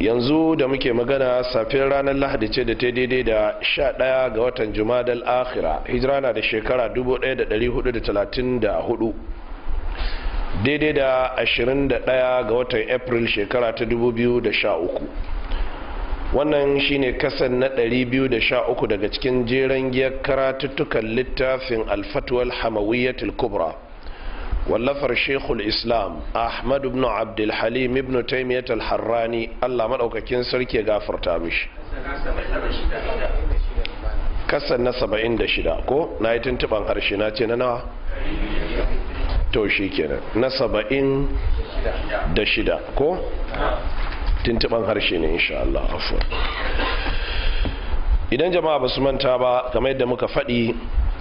yanzu da muke magana safiyar ranar lahadi ce da ta daidai da 11 ga watan jumadal akhira hijira na da shekara 1434 daidai da ashirin da 21 ga watan april shekara ta 2013 wannan shine kasan na 213 daga cikin jeren giyar karatuttukan littafin alfatuwal hamawiyyatul kubra wallafar shekul islam ahmad ibn abdulhalim ibn taimiyat al-harrani allah maɗaukakin sarki gafarta mishi kasan na 76 ko na yi tuntuban harshe na ce na nawa to shi kenan na 76 ko tuntuban harshe ne insha Allah afuwa idan jama'a ba su manta ba game da muka faɗi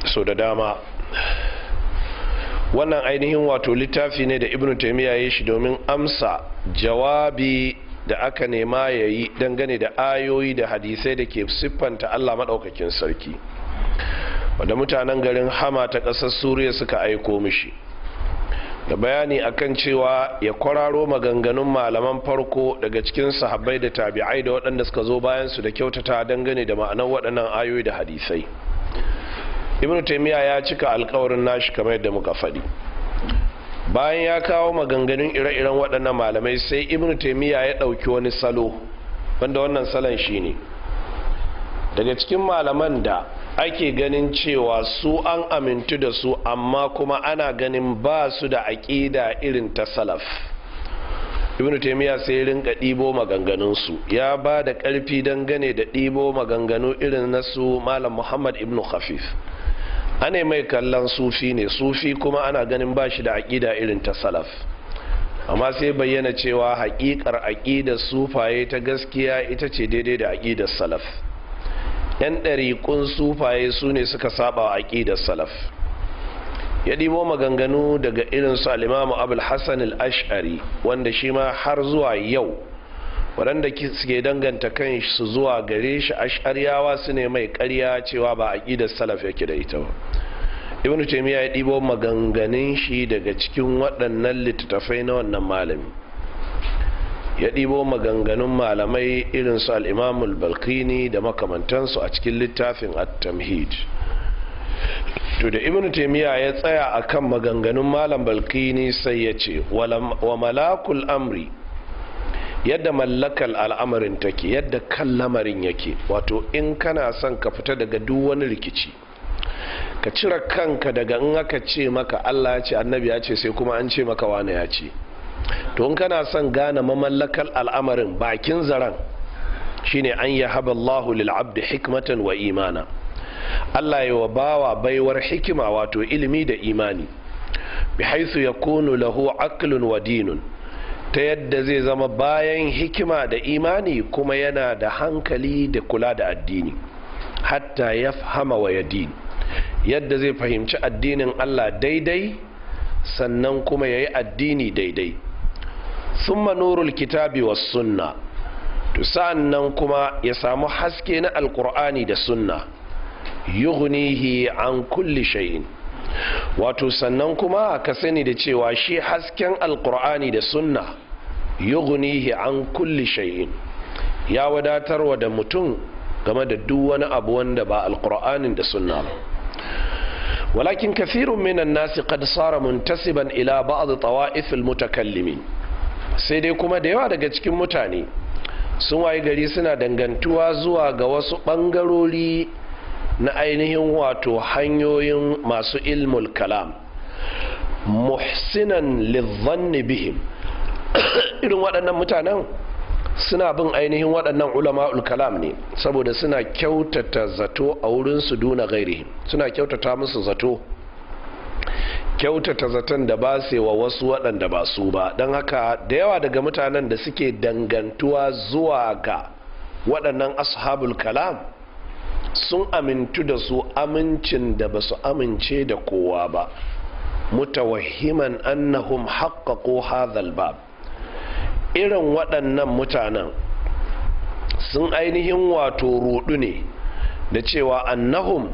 so da dama wannan ainihin wato littafi ne da ibn taimiyya ya shi domin amsa jawabi da aka nema ya yi dangane da ayoyi da hadisai da ke siffanta allah maɗaukakin sarki wadda mutanen garin hama ta ƙasar suriya suka aiko mishi da bayani akan cewa ya kwararo maganganun malaman farko daga cikin sahabbai da tabi'ai da waɗanda suka zo bayansu da kyautata dangane da ma'anar waɗannan ayoyi da hadisai Ibn taimiyya ya cika alkawarin nashi kamar yadda muka faɗi bayan ya kawo maganganun ire-iren waɗannan malamai sai Ibn taimiyya ya ɗauki wani salo wanda wannan salon shi ne daga cikin malaman da ake ganin cewa su an amintu da su amma kuma ana ganin ba su da aƙida irin ta salaf Ibn taimiyya sai rinka ɗibo maganganunsu ya ba da ƙarfi don gane da ɗibo maganganu irin nasu malam muhammad Ibn khafif ana mai kallon sufi ne sufi kuma ana ganin ba shi da aƙida irin ta salaf amma sai bayyana cewa haƙiƙar aƙidar sufaye ta gaskiya ita ce daidai da aƙidar salaf yan ɗariƙun sufaye su ne suka saba wa aƙidar salaf ya ɗibo maganganu daga irinsu alimamu abul hassan al-ash'ari wanda shi ma har zuwa yau waɗanda suke danganta kan su zuwa gare shi ash'ariyawa su ne mai karya cewa ba a aƙidar salaf yake da ita ba ibn taymiya ya ɗibo maganganun shi daga cikin waɗannan littattafai na wannan malami ya ɗibo maganganun malamai irin su al'imamul balkini da makamantansu a cikin littafin at-tamhid to da ibn taymiya ya tsaya akan maganganun malam balkini sai ya ce wa malakul amri yadda mallakar al'amarin take yadda kan lamarin yake wato in kana son ka fita daga duk wani rikici ka cire kanka daga in aka ce maka Allah ya ce annabi ya ce sai kuma an ce maka wani ya ce to in kana son gane mamallakar al'amarin bakin zaren shine an yi haballahu Allahu lil hikmatan wa imana Allah ya wa bawa baiwar hikima wato ilimi da imani bi haisu yakunu lahu aqlun wa dinun ta yadda zai zama bayan hikima da imani kuma yana da hankali da kula da addini hatta ya fahama wa yadini yadda zai fahimci addinin Allah daidai sannan kuma ya yi addini daidai summa nurul kitabi wa sunna to nan kuma ya samu haske na alkur'ani da sunna yughnihi an kulli shay'in wato sannan kuma ka sani da cewa shi hasken alkur'ani da sunna yughnihi an kulli shay'in ya wadatarwa da mutum game da duk wani abu wanda ba alqur'anin da sunna ba walakin kathirun minan nasi qad sara muntasiban ila ba'd tawa'if almutakallimin sai dai kuma da yawa daga cikin mutane sun waye gari suna dangantuwa zuwa ga wasu bangarori na ainihin wato hanyoyin masu ilmul kalam muhsinan lizzanni bihim irin waɗannan mutanen suna bin ainihin waɗannan ulama kalam ne saboda suna kyautata zato a wurin su duna gairi suna kyautata musu zato kyautata zaton da ba wa wasu waɗanda ba su ba don haka da yawa daga mutanen da suke dangantuwa zuwa ga waɗannan ashabul kalam sun amintu da su amincin da ba su amince da kowa ba mutawahiman annahum ko hadha bab irin waɗannan mutanen sun ainihin wato rudu ne da cewa annahum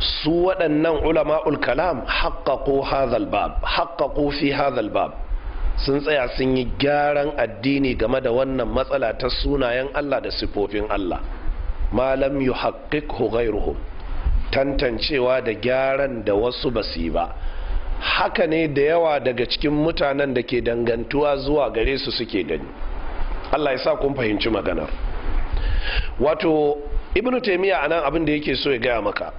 su waɗannan ulama'ul kalam haƙaƙo hazalbab bab haƙaƙo fi hazalbab sun tsaya sun yi gyaran addini game da wannan matsala ta sunayen Allah da sifofin Allah malam yu gairuhu tantancewa da gyaran da wasu basi ba haka ne da yawa daga cikin mutanen da ke dangantuwa zuwa gare su suke gani allah ya sa kun fahimci maganar wato ibnu taimiyya anan nan abin da yake so ya gaya maka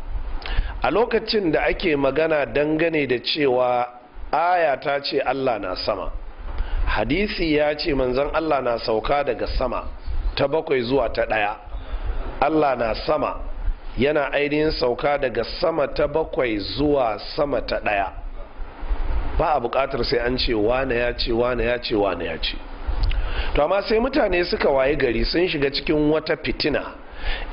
a lokacin da ake magana dangane da cewa aya ta ce allah na sama hadisi ya ce manzon allah na sauka daga sama ta bakwai zuwa ta ɗaya allah na sama yana ainihin sauka daga sama ta bakwai zuwa sama ta ɗaya ba a buƙatar sai an ce wane ya ce wane ya ce wane ya ce to amma sai mutane suka waye gari sun shiga cikin wata fitina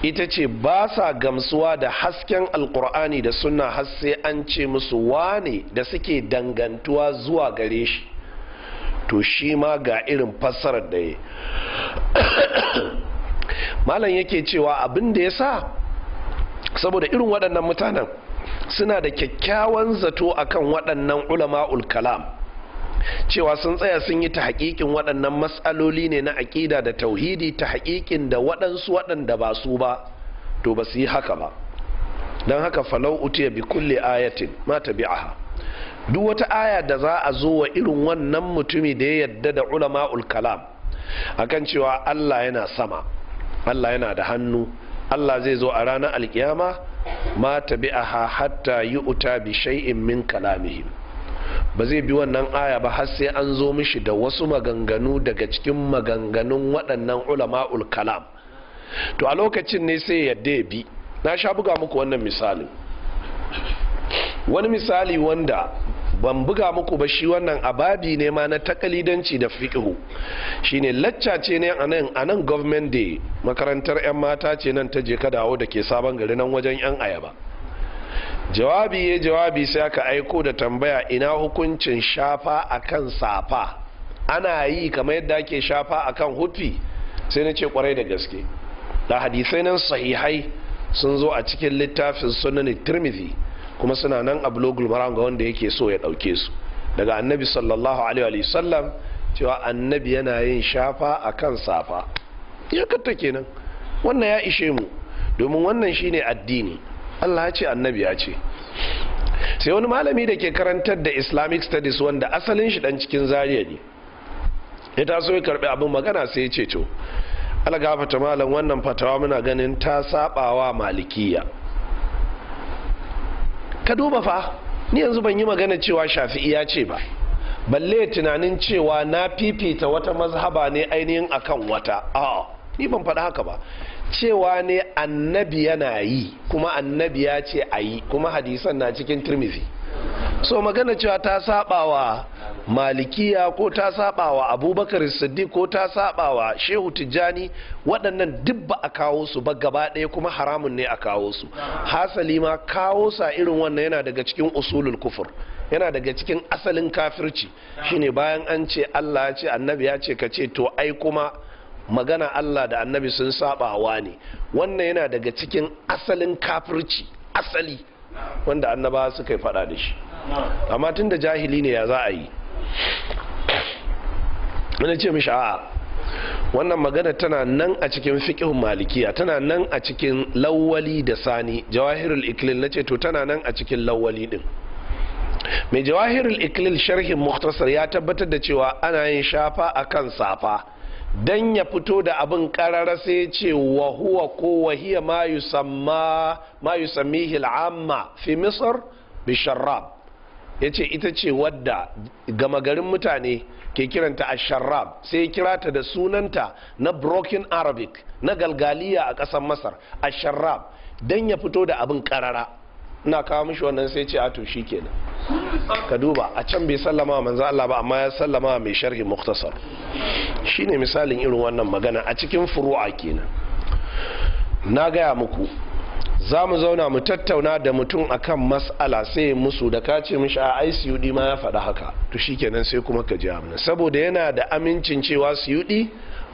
ita ce ba sa gamsuwa da hasken alkur'ani da sunna har sai an ce musu wane da suke dangantuwa zuwa gare shi to shi ma ga irin fassarar da ya malam yake cewa abin da ya sa saboda irin waɗannan mutanen suna da kyakkyawan zato akan waɗannan ulama'ul kalam cewa sun tsaya sun yi ta haƙiƙin waɗannan matsaloli ne na aƙida da tauhidi ta haƙiƙin da waɗansu waɗanda ba su ba to ba su yi haka ba don haka falau ya bi kulle ayatin ma aha duk wata aya da za a zo wa irin wannan mutumi da ya yadda da ulama'ul kalam akan cewa Allah yana sama Allah yana da hannu Allah zai zo a ranar alkiyama ما تبعها hatta يؤتى بشيء من min ba zai bi wannan aya ba har sai an zo mishi da wasu maganganu daga cikin maganganun waɗannan ulama'ul kalam to a lokacin ne sai yadda ya bi na sha buga muku wannan misalin wani misali wanda ban buga muku ba shi wannan ababi ne ma na takalidanci da Shi shine lacca ce ne a nan a government day makarantar yan mata ce nan ta je ka dawo da ke sabon gari nan wajen yan ayaba jawabi ya jawabi sai aka aiko da tambaya ina hukuncin shafa akan safa ana yi kamar yadda ake shafa akan hufi sai na ce kwarai da gaske da hadisai nan sahihai sun zo a cikin littafin sunan tirmidhi kuma suna nan a bulogul maram ga wanda yake so ya ɗauke su daga annabi sallallahu alaihi sallam cewa annabi yana yin shafa a kan safa ya katta kenan wannan ya ishe mu domin wannan shine addini allah ya ce annabi ya ce sai wani malami da ke karantar da islamic studies wanda asalin shi dan cikin zariya ne ya so ya karbi abin magana sai ya ce to Fata malam wannan fatawa muna ganin ta sabawa malikiya ka duba fa ni yanzu ban yi magana cewa shafi'i ya ce ba balle tunanin cewa na fifita wata mazhaba ne ainihin akan wata a ni ban faɗa haka ba cewa ne annabi yana yi kuma annabi ya ce a yi kuma hadisan na cikin turmizi so magana cewa ta sabawa malikiya ko ta sabawa abubakar siddiq ko ta sabawa shehu tijjani waɗannan duk ba a kawo su ba gaba ɗaya kuma haramun ne a kawo su hasali ma kawo sa irin wannan yana daga cikin usulul kufur yana daga cikin asalin kafirci shine bayan an ce allah ya ce annabi ya ce ka ce to ai kuma magana allah da annabi sun sabawa ne wannan yana daga cikin asalin kafirci asali wanda annaba suka yi fada da shi amma tun da jahili ne ya za a yi wani ce mishi a wannan magana tana nan a cikin fiƙihun malikiya tana nan a cikin lawwali da sani jawahirul iklil na ce to tana nan a cikin lawwali din mai jawahirul iklil sharhin muktasar ya tabbatar da cewa ana yin shafa a kan safa dan ya fito da abin karara sai ce wa huwa ko wa hiya ma yusamma ma yusammihi fi misr bi sharrab yace ita ce wadda gama garin mutane ke kiranta a sharrab sai kira ta da sunanta na broken arabic na galgaliya a ƙasar masar a sharrab dan ya fito da abin karara ina kawo mishi wannan sai ce a to kenan ka duba a can bai sallama manzo Allah ba amma ya sallama mai sharhi muktasar shine misalin irin wannan magana a cikin a kenan na gaya muku za mu zauna mu tattauna da mutum akan mas'ala sai musu da ka ce mishi a ICUD ma ya faɗa haka to nan sai kuma ka ji saboda yana da amincin cewa siyudi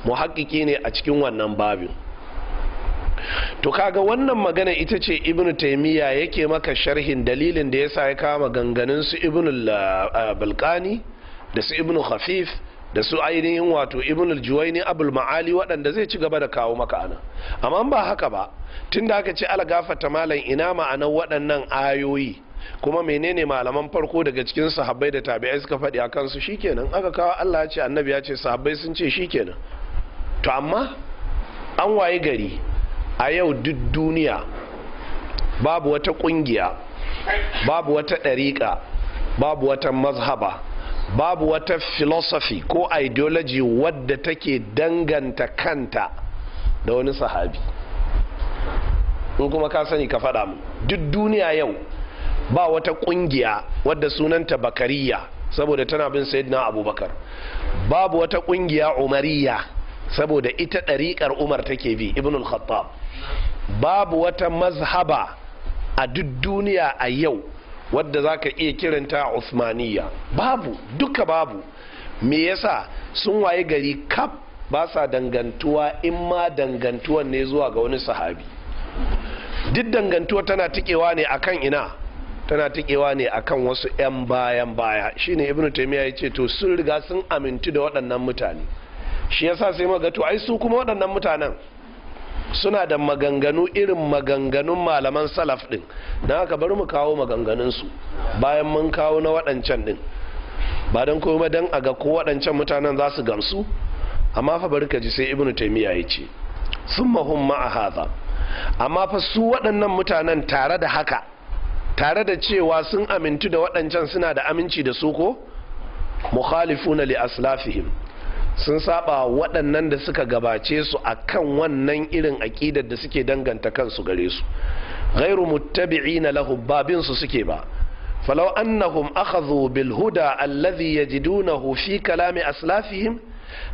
muhakkiki ne a cikin wannan babin to kaga wannan magana ita ce Ibn taimiyya yake maka sharhin dalilin da ya sa ya kama ganganin su ibn balkani da su Ibn khafif da su ainihin wato ibn juwaini abul ma'ali waɗanda zai ci gaba da kawo maka ana amma ba haka ba tun da aka ce algafata malam ina ma'anar waɗannan ayoyi kuma menene malaman farko daga cikin sahabbai da tabi'ai suka faɗi a kansu shikenan aka kawo Allah ya ce annabi ya ce sahabbai sun ce shikenan to amma an waye gari a yau duk duniya babu wata kungiya babu wata ɗariƙa babu wata mazhaba babu wata philosophy ko ideology wadda take danganta kanta da wani sahabi in kuma ka sani ka faɗa mu duk duniya yau ba wata kungiya wadda sunanta bakariya saboda tana bin na abubakar babu wata kungiya umariya saboda ita ɗariƙar umar take bi ibnul khattab babu wata mazhaba a duk duniya a yau wadda za ka iya kiranta a usmaniya babu duka babu me yasa sun waye gari kaf ba sa dangantuwa in ma dangantuwan ne zuwa ga wani sahabi duk dangantuwa tana tikewa ne akan ina tana tikewa ne akan wasu 'yan bayan baya shine ibnu taimiyya ya ce to sun riga sun amintu da waɗannan mutane shi yasa sai maga to ai su kuma waɗannan mutanen suna da maganganu irin maganganun malaman salaf din don haka bari mu kawo maganganunsu bayan mun kawo na waɗancan din ba don kuma don a ga ko waɗancan mutanen za su gamsu amma fa bari ka ji sai ibnu taimiyya ya ce sun mahun ma'a haza amma fa su waɗannan mutanen tare da haka tare da cewa sun amintu da waɗancan suna da aminci da su ko mukhalifuna li aslafihim sun saba waɗannan da suka gabace su akan wannan irin aƙidar da suke danganta kansu gare su ghairu muttabi'ina lahum babin su suke ba falau annahum akhadhu bil huda alladhi yajidunahu fi kalami aslafihim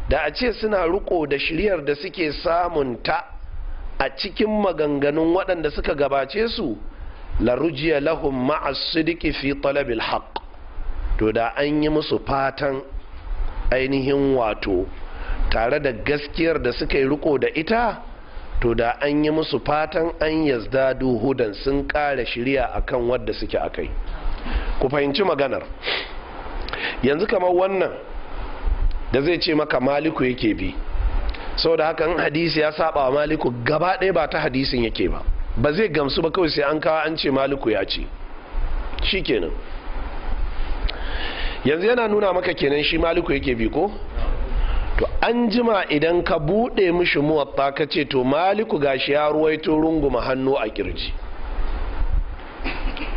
da a ce suna riko da shiryar da suke samun ta a cikin maganganun waɗanda suka gabace su la rujiya lahum ma'a sidiki fi talabil haqq to da an yi musu fatan ainihin wato tare da gaskiyar da suka yi riko da ita to da an yi musu fatan an yazda duhudan sun ƙara shirya akan wadda suke akai ku fahimci maganar yanzu kamar wannan da zai ce maka maliku yake bi saboda haka in hadisi ya saba maliku gaba ɗaya ba ta hadisin yake ba ba zai gamsu ba kawai sai an kawo an ce maliku ya ce shikenan yanzu yana nuna maka kenan shi maliku yake bi ko to an jima idan ka bude mishi muwatta ka ce to maliku gashi ya ruwaito runguma hannu a kirji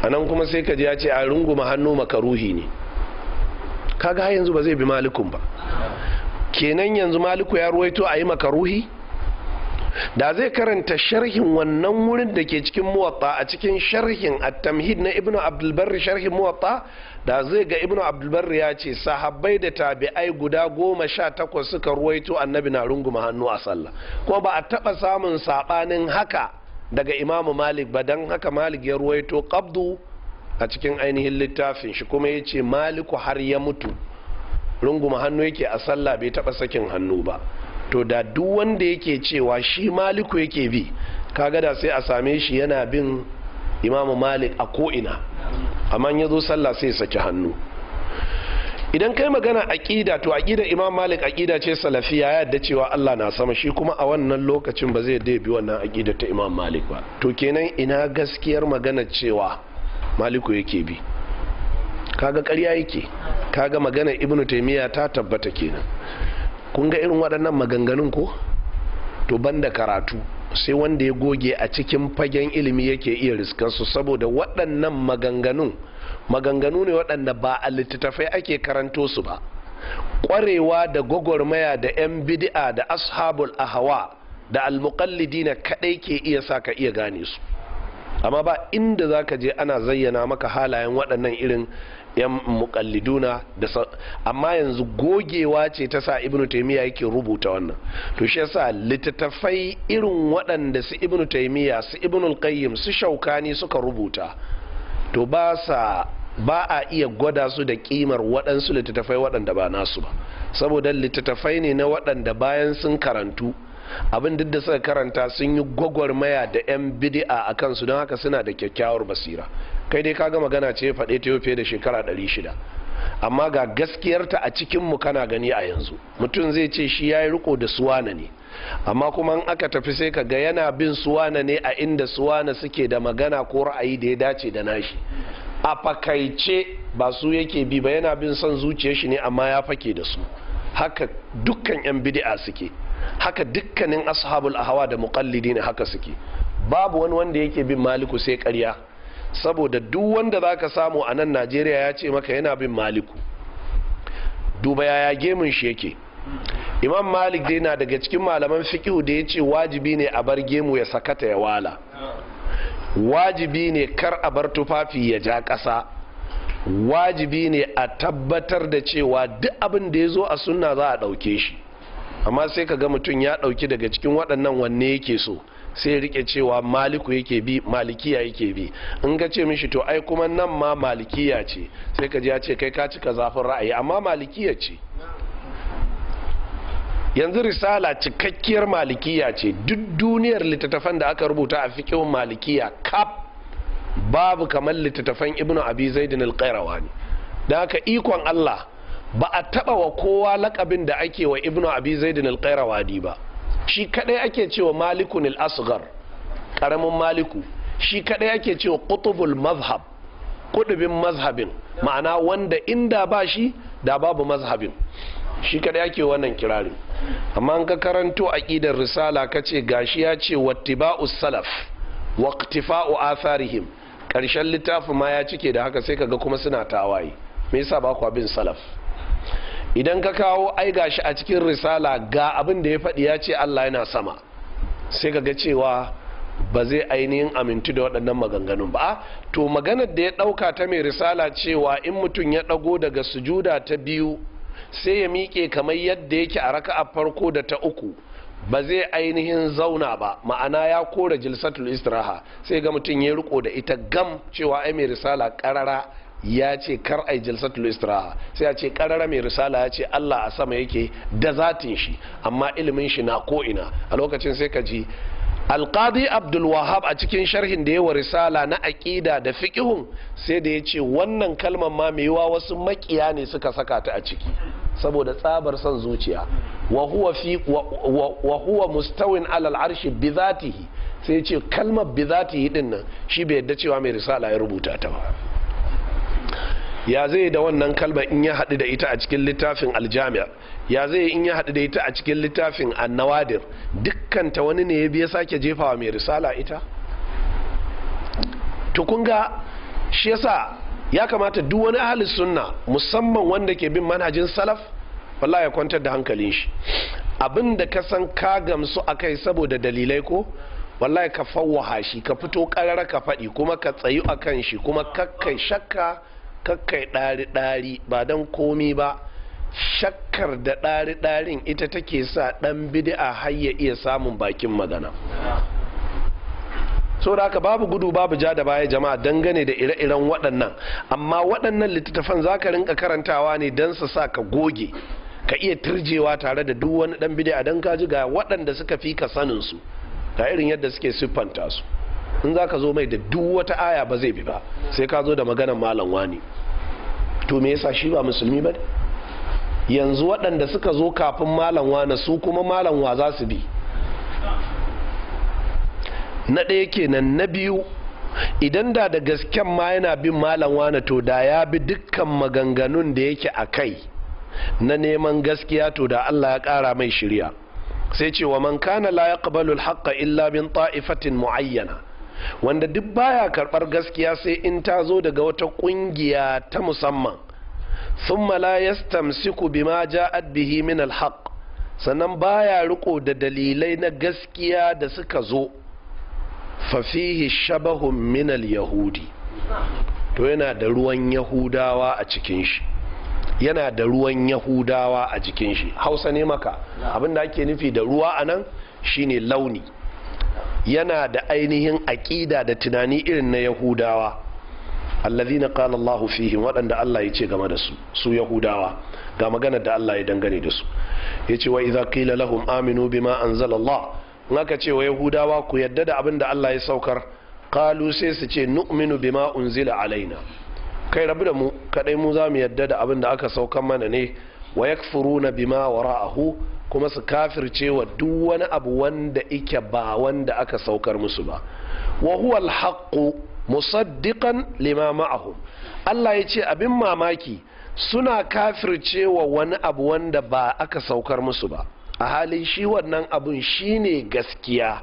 a nan kuma sai ka ji ya ce a runguma hannu makaruhi ne kaga yanzu ba zai bi malikun ba kenan yanzu maliku ya ruwaito a yi makaruhi da zai karanta sharhin wannan wurin da ke cikin muwatta a cikin sharhin at-tamhid na ibnu Abdul abdulbarri sharhin muwatta da zai ga ibnu abdulbar ya ce sahabbai da tabi'ai guda goma sha takwas suka ruwaito annabi na runguma hannu a sallah kuma ba a taɓa samun saɓanin haka daga imamu malik ba don haka malik ya ruwaito kabdu a cikin ainihin littafin shi kuma ya ce maliku har ya mutu runguma hannu yake a sallah bai taɓa sakin hannu ba to da duk wanda yake cewa shi maliku yake bi kaga da sai a same shi yana bin imamu malik a ko'ina amma ya zo sallah sai saki hannu idan kai magana aƙida to ƙida imam malik aƙida ce salafiya ya yadda cewa allah na sama shi kuma a wannan lokacin ba zai bi wannan aƙida ta imam malik ba to kenan ina gaskiyar magana cewa maliku yake bi kaga ƙarya yake kaga magana ibnu taimiyya ta tabbata kenan kun ga irin waɗannan maganganun ko to da karatu sai wanda ya goge a cikin fagen ilimi yake iya riskansu saboda waɗannan maganganun maganganu ne waɗanda ba a littattafai ake karanto su ba ƙwarewa da gwagwarmaya da 'yan bid'a da ashabul ahawa da na kaɗai ke iya sa ka iya gane su amma ba inda za ka je ana zayyana maka halayen waɗannan irin yan mukalliduna da amma yanzu gogewa ce ta sa ibn taimiyya yake rubuta wannan to shi yasa littattafai irin waɗanda su ibn taimiyya su ibn qayyim su shaukani suka rubuta to ba sa ba a iya gwada su da kimar waɗansu littattafai waɗanda ba nasu ba saboda littattafai ne na waɗanda bayan sun karantu abin duk da suka karanta sun yi gwagwarmaya da 'yan bidi'a a kansu don haka suna da kyakkyawar basira kai dai kaga magana ce faɗe ta fiye da shekara ɗari shida. amma ga gaskiyarta a cikinmu kana gani a yanzu mutum zai ce shi ya yi riko da suwana ne amma kuma in aka tafi sai ka ga yana bin suwana ne a inda suwana suke da magana ko ra'ayi da ya dace da nashi a fakaice ba su yake bi ba yana bin son zuciyar shi ne amma ya fake da su haka dukkan 'yan bid'a suke haka dukkanin ashabul ahawa da muqallidi ne haka suke babu wani wanda yake bin maliku sai karya. saboda duk wanda za ka samu a nan najeriya ya ce maka yana bin maliku duba yaya gemun shi yake imam malik dai na daga cikin malaman fikihu da ya ce wajibi ne a bar gemu ya sakata ya wala wajibi ne kar a bar tufafi ya ja ƙasa wajibi ne a tabbatar da cewa duk abin da ya zo a sunna za a ɗauke shi amma sai ka ga mutum ya ɗauki daga cikin waɗannan wanne yake so sai rike cewa maliku yake bi malikiya yake bi in ga ce mishi to ai kuma nan ma malikiya ce sai ka ji ya ce kai ka cika zafin ra'ayi amma malikiya ce yanzu risala cikakkiyar malikiya ce duk duniyar littattafan da aka rubuta a fikihun malikiya kaf babu kamar littattafan ibnu abi zaidin al-qayrawani da haka ikon Allah ba a taba wa kowa lakabin da ake wa ibnu abi zaidin al ba shi kadai ake cewa malikun al-asghar karamin maliku shi kadai ake cewa qutubul mazhab kudubin mazhabin ma'ana wanda inda ba shi da babu mazhabin shi kadai ake wannan kirari amma an ka karanto aqidar risala kace gashi ya ce wattiba'us salaf waqtifa'u atharihim karshen littafin ma ya cike da haka sai kaga kuma suna tawaye me yasa ba ku bin salaf idan ka kawo ai gashi a cikin risala ga abin da ya faɗi ya ce Allah yana sama sai ga cewa ba zai ainihin amintu da waɗannan maganganun ba ah, to maganar da ya ɗauka ta mai risala cewa in mutum ya ɗago daga sujuda ta biyu sai ya miƙe kamar yadda yake a raka'a farko da ta uku ba zai ainihin zauna ba ma'ana ya kora jilsatul istiraha sai ga mutum ya riko da ita gam cewa ai mai risala ƙarara. ya ce kar a ai jalsatul istiraha sai ya ce karara mai risala ya ce Allah a sama yake da zatin shi amma ilimin shi na ko'ina a lokacin sai ka ji alkadi abdulwahab a cikin sharhin da yawa risala na aƙida da fiƙihun sai da ya ce wannan kalmar ma mai yiwa wasu makiya ne suka saka ta a ciki saboda tsabar son zuciya wa mustawin alal arshi bi zatihi sai ya ce kalmar bi zatihi din nan shi bai yadda cewa mai risala ya rubuta ta ba ya zai da wannan kalma in ya haɗu da ita a cikin littafin aljami'a ya zai in ya haɗu da ita a cikin littafin annawadir dukkan ta wani ne ya biya sake jefawa mai risala ita tukunga kun shi yasa ya kamata duk wani ahli sunna musamman wanda ke bin manhajin salaf wallah ya kwantar da hankalin shi abin da ka san ka gamsu a kai saboda dalilai ko wallahi ka fawwaha shi ka fito karara ka faɗi kuma ka tsayu a kan shi kuma kakkai shakka kakkai ɗari-ɗari ba don komi ba shakkar da ɗari-ɗarin ita take sa ɗan bid'a har ya iya samun bakin magana so da haka babu gudu babu ja da baya jama'a dangane da ire-iren waɗannan amma waɗannan littattafan za ka rinka karantawa ne don su sa ka goge ka iya turjewa tare da duk wani ɗan bid'a don kaji ji ga waɗanda suka fi ka sanin su ga irin yadda suke siffanta su in za ka zo mai da duk wata aya ba zai bi ba sai ka zo da maganan malam wani to me yasa shi ba musulmi ba yanzu waɗanda suka zo kafin malam wani su kuma malam wa za su bi na ɗaya kenan na biyu idan da da gasken ma yana bin malam wani to da ya bi dukkan maganganun da yake a kai na neman gaskiya to da allah ya ƙara mai shirya sai ce wa man kana la yaqbalu al illa min ta'ifatin muayyana wanda duk baya karɓar gaskiya sai in ta zo daga wata ƙungiya ta musamman thumma la yastamsiku bima ja'at bihi min alhaq sannan baya riko da dalilai na gaskiya da suka zo fafihi shabahun min yahudi to yana da ruwan yahudawa a cikin shi yana da ruwan yahudawa a jikin shi hausa ne maka abinda ake nufi da ruwa a nan shine launi yana da ainihin aƙida da tunani irin na yahudawa na qala Allah fihim waɗanda Allah ya ce game da su su yahudawa ga maganar da Allah ya dangane da su Ya ce wa iza qila lahum aminu bima anzala Allah in aka ce wa yahudawa ku yadda da abin da Allah ya saukar qalu sai su ce nu'minu bima unzila alaina kai rabu da mu kaɗai mu za mu yadda da abin da aka saukar mana ne wa yakfuruna bima wara'ahu kuma su kafirce wa duk wani abu wanda ike ba wanda aka saukar musu ba wa huwa alhaqqu musaddiqan lima ma'ahum Allah ya ce abin mamaki suna kafirce wa wani abu wanda ba aka saukar musu ba a halin shi wannan abun shine gaskiya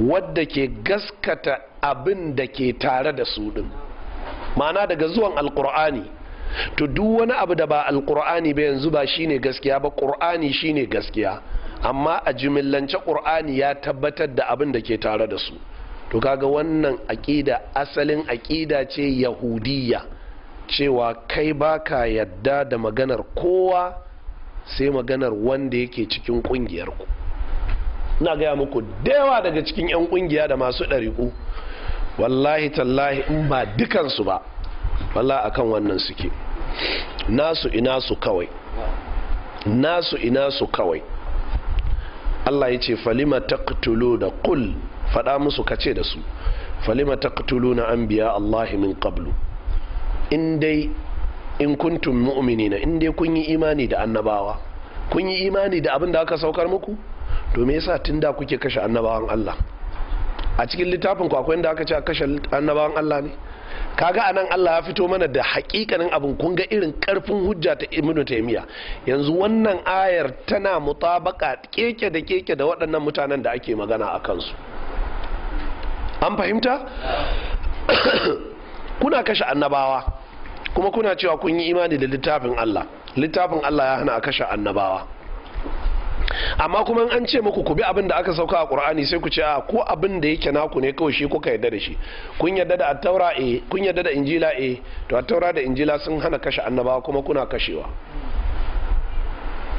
wadda ke gaskata abin da ke tare da su din ma'ana daga zuwan alkur'ani to duk wani abu da ba alkur'ani ba yanzu ba shine gaskiya ba qur'ani shine gaskiya amma a jimillance qur'ani ya tabbatar da abin da ke tare da su to kaga wannan aƙida asalin aƙida ce yahudiyya cewa kai baka yadda da maganar kowa sai maganar wanda yake cikin ku. Ina gaya muku dewa daga cikin 'yan ƙungiya da masu ɗariku wallahi tallahi in ba dukansu ba a akan wannan suke nasu ina su kawai nasu ina su kawai Allah ya ce falima taqtulu da kul. faɗa musu kace da su falima an anbiya Allah min qablu in dai in kuntum mu'minina in dai kun yi imani da annabawa kun yi imani da abin da aka saukar muku to me yasa tunda kuke kashe annabawan Allah a cikin littafin ku akwai inda aka ce a kashe annabawan Allah ne kaga anan Allah ya fito mana da hakikanin abin kun ga irin karfin hujja ta Ibn Taymiyyah yanzu wannan ayar tana mutabaka keke da keke da waɗannan mutanen da ake magana a kansu an fahimta kuna kashe annabawa kuma kuna cewa kun yi imani da littafin Allah littafin Allah ya hana a kashe annabawa amma kuma an ce muku ku bi abin da aka sauka a qur'ani sai ku ce a ah, ko abin da yake naku ne kawai shi kuka yarda da shi kun yarda da attaura a eh. kun yarda da injila a eh. to attaura da injila sun hana kashe annabawa kuma kuna kashewa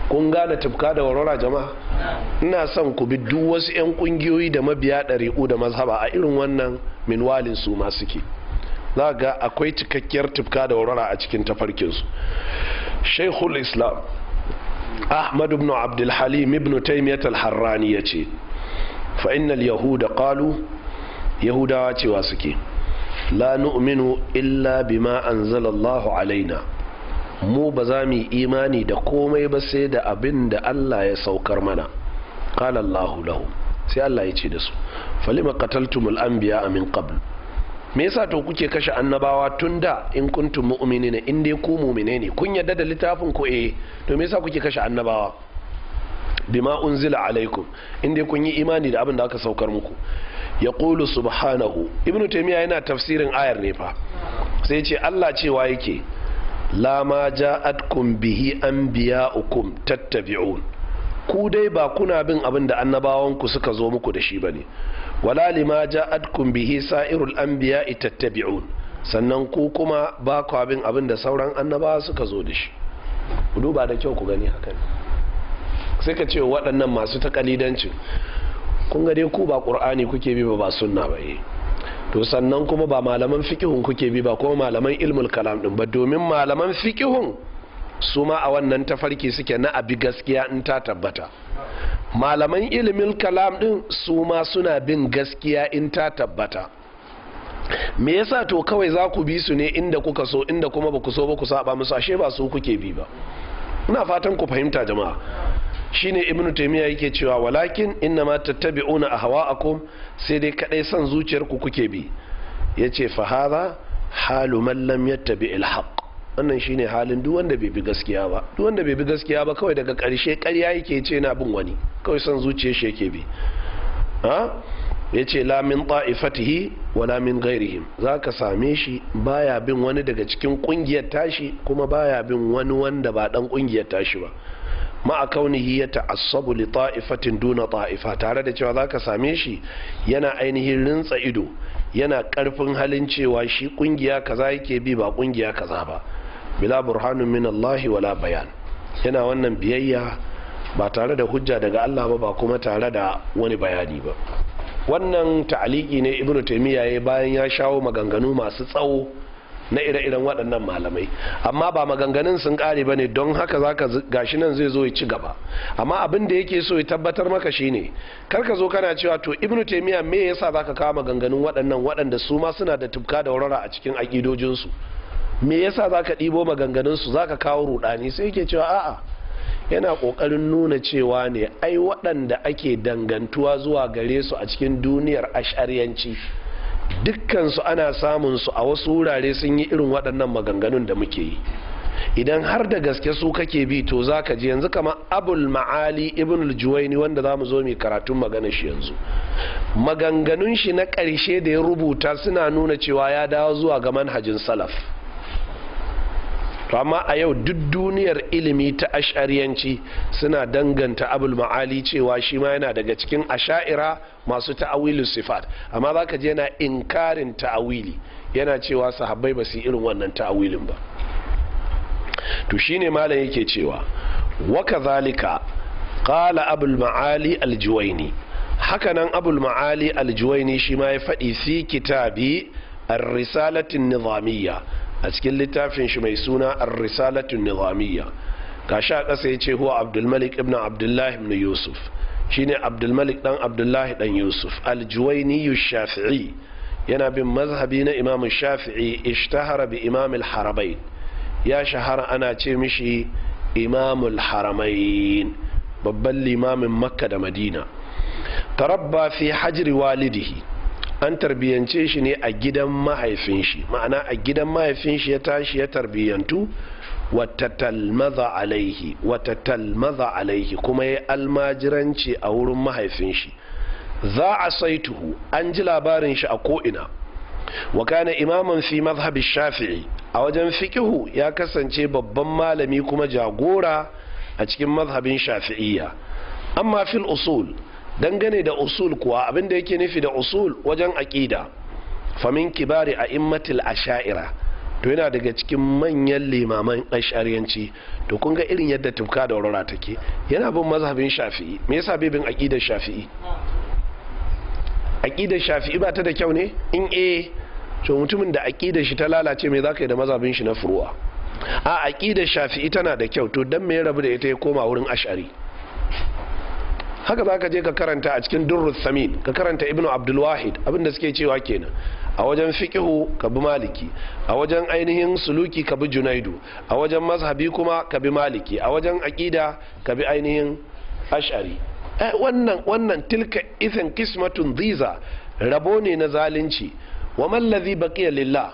kun gane tufka da warwara jama'a ina son ku bi duk wasu 'yan kungiyoyi da mabiya ɗari'u da mazhaba a irin wannan minwalin su ma suke za ga akwai cikakkiyar tufka da warwara a cikin tafarkinsu shaykhul islam ahmad ibn abdulhalim ibn taimiyat al-harrani yace fa'innal yahuda qalu yahudawa cewa suke la nu'minu illa bima anzalallahu alaina mu ba za mu imani da komai ba sai da abin da Allah ya saukar mana qala Allahu lahu sai Allah yace da su falima qataltumul anbiya min qabl me yasa to kuke kashe annabawa tun da in kuntum mu'minina in dai ku mu'mine ne kun yadda da littafin ku eh to me yasa kuke kashe annabawa bima unzila alaikum in dai kun yi imani da abin da aka saukar muku yaqulu subhanahu ibnu taymiya yana tafsirin ayar ne fa sai ce Allah cewa yake lama ja'atkum bihi anbiya'ukum tattabi'un ku dai ba kuna bin abin da annabawanku suka zo muku da shi bane wala lima ja'atkum bihi sa'irul anbiya tattabi'un sannan ku kuma ba ku abin abin da sauran annabawa suka zo da shi ku duba da kyau ku gani hakan sai ka ce waɗannan masu takalidancin kun ga dai ku ba qur'ani kuke bi ba ba sunna ba eh to sannan kuma ba malaman fiqihun kuke bi ba kuma malaman ilmul kalam din ba domin malaman fiqihun su ma a wannan tafarki suke na abi gaskiya in ta tabbata malaman ilimin kalam ɗin su ma suna bin gaskiya in ta tabbata me yasa to kawai za ku bi su ne inda kuka so inda kuma ba ku so ba ku saba musu ashe ba su kuke bi ba ina fatan ku fahimta jama'a shine ibn taymiya yake cewa walakin inna ma a ahwa'akum sai dai kadai son zuciyar ku kuke bi yace fa hadha halu man lam yattabi al wannan shine halin duk wanda bai bi gaskiya ba duk wanda bai bi gaskiya ba kawai daga karshe karya yake ce na bin wani kawai son zuciyar shi yake bi ha ya ce lamin ta'ifatihi wa lamin gairihim za ka same shi baya bin wani daga cikin kungiyar tashi kuma baya bin wani wanda ba dan kungiyar tashi ba ma'a kaunihi ya ta'assabu li ta'ifatin duna ta'ifa tare da cewa za ka same shi yana ainihin rintsa ido yana karfin halin cewa shi kungiya kaza yake bi ba kungiya kaza ba bila burhanun min Allah wala bayan yana wannan biyayya ba tare da hujja daga Allah ba ba kuma tare da wani bayani ba wannan ta'aliki ne ibn taymiya ya bayan ya shawo maganganu masu tsawo na ire-iren waɗannan malamai amma ba maganganun sun ƙare ba ne don haka zaka gashi nan zai zo ya ci gaba amma abin da yake so ya tabbatar maka shine kar ka zo kana cewa to ibn taymiya me yasa zaka kawo maganganun waɗannan waɗanda su ma suna da tubka da warara a cikin aƙidojinsu me yasa zaka ɗibo maganganun su zaka kawo rudani sai yake cewa a'a yana ƙoƙarin nuna cewa ne ai waɗanda ake dangantuwa zuwa gare su a cikin duniyar ashariyanci dukkansu ana samun su a wasu wurare sun yi irin waɗannan maganganun da muke yi idan har da gaske su kake bi to za ka ji yanzu kamar abul ma'ali ibn juwaini wanda za mu zo mai karatun magana shi yanzu maganganun shi na ƙarshe da ya rubuta suna nuna cewa ya dawo zuwa ga manhajin salaf to amma a yau duk duniyar ilimi ta ash'ariyanci suna danganta abul ma'ali cewa shi ma yana daga cikin asha'ira masu ta'awilu sifat amma za ka je yana inkarin ta'awili yana cewa sahabbai ba su irin wannan ta'awilin ba to shine malam yake cewa wa kadhalika qala abul ma'ali al-juwaini hakanan abul ma'ali al-juwaini shi ma ya faɗi si kitabi a risalatin nizamiyya a cikin littafin shi mai suna ar-risalatun nizamiyya gashi a ƙasa ya ce huwa abdulmalik ibn abdullahi ibn yusuf shine abdulmalik dan abdullahi dan yusuf al-juwaini shafi'i yana bin mazhabi na imam shafi'i ishtahara bi imam al ya shahara ana ce mishi imam al babban limamin makka da madina tarabba fi hajri walidihi an tarbiyyance shi ne a gidan mahaifin shi ma'ana a gidan mahaifin shi ya tashi ya tarbiyyantu watatalmaza alaihi watatalmaza alaihi kuma ya almajiranci a wurin mahaifin shi za a saituhu an ji labarin shi a ko'ina wa kana imaman fi mazhabi shafi'i a wajen fikihu ya kasance babban malami kuma jagora a cikin mazhabin shafi'iyya amma fil usul dangane da usul kuwa abinda yake nufi da usul wajen aƙida famin kibari a immatil asha'ira to yana daga cikin manyan limaman ashariyanci to kun ga irin yadda tufka da aurora take yana bin mazhabin shafi'i me yasa bai bin aqidar shafi'i aqidar shafi'i ba ta da kyau ne in eh to mutumin da aqidar shi ta lalace me zaka yi da mazhabin shi na furuwa a aqidar shafi'i tana da kyau to dan me ya rabu da ita ya koma wurin ash'ari haka za ka je ka karanta a cikin durrus samin ka karanta ibnu abdulwahid abinda suke cewa kenan a wajen fiƙihu ka bi maliki a wajen ainihin suluki ka bi junaidu a wajen mazhabi kuma ka bi maliki a wajen aƙida ka bi ainihin ash'ari eh, wannan wannan tilka isin kismatun ziza rabo ne na zalunci wa mallazi baqiya lillah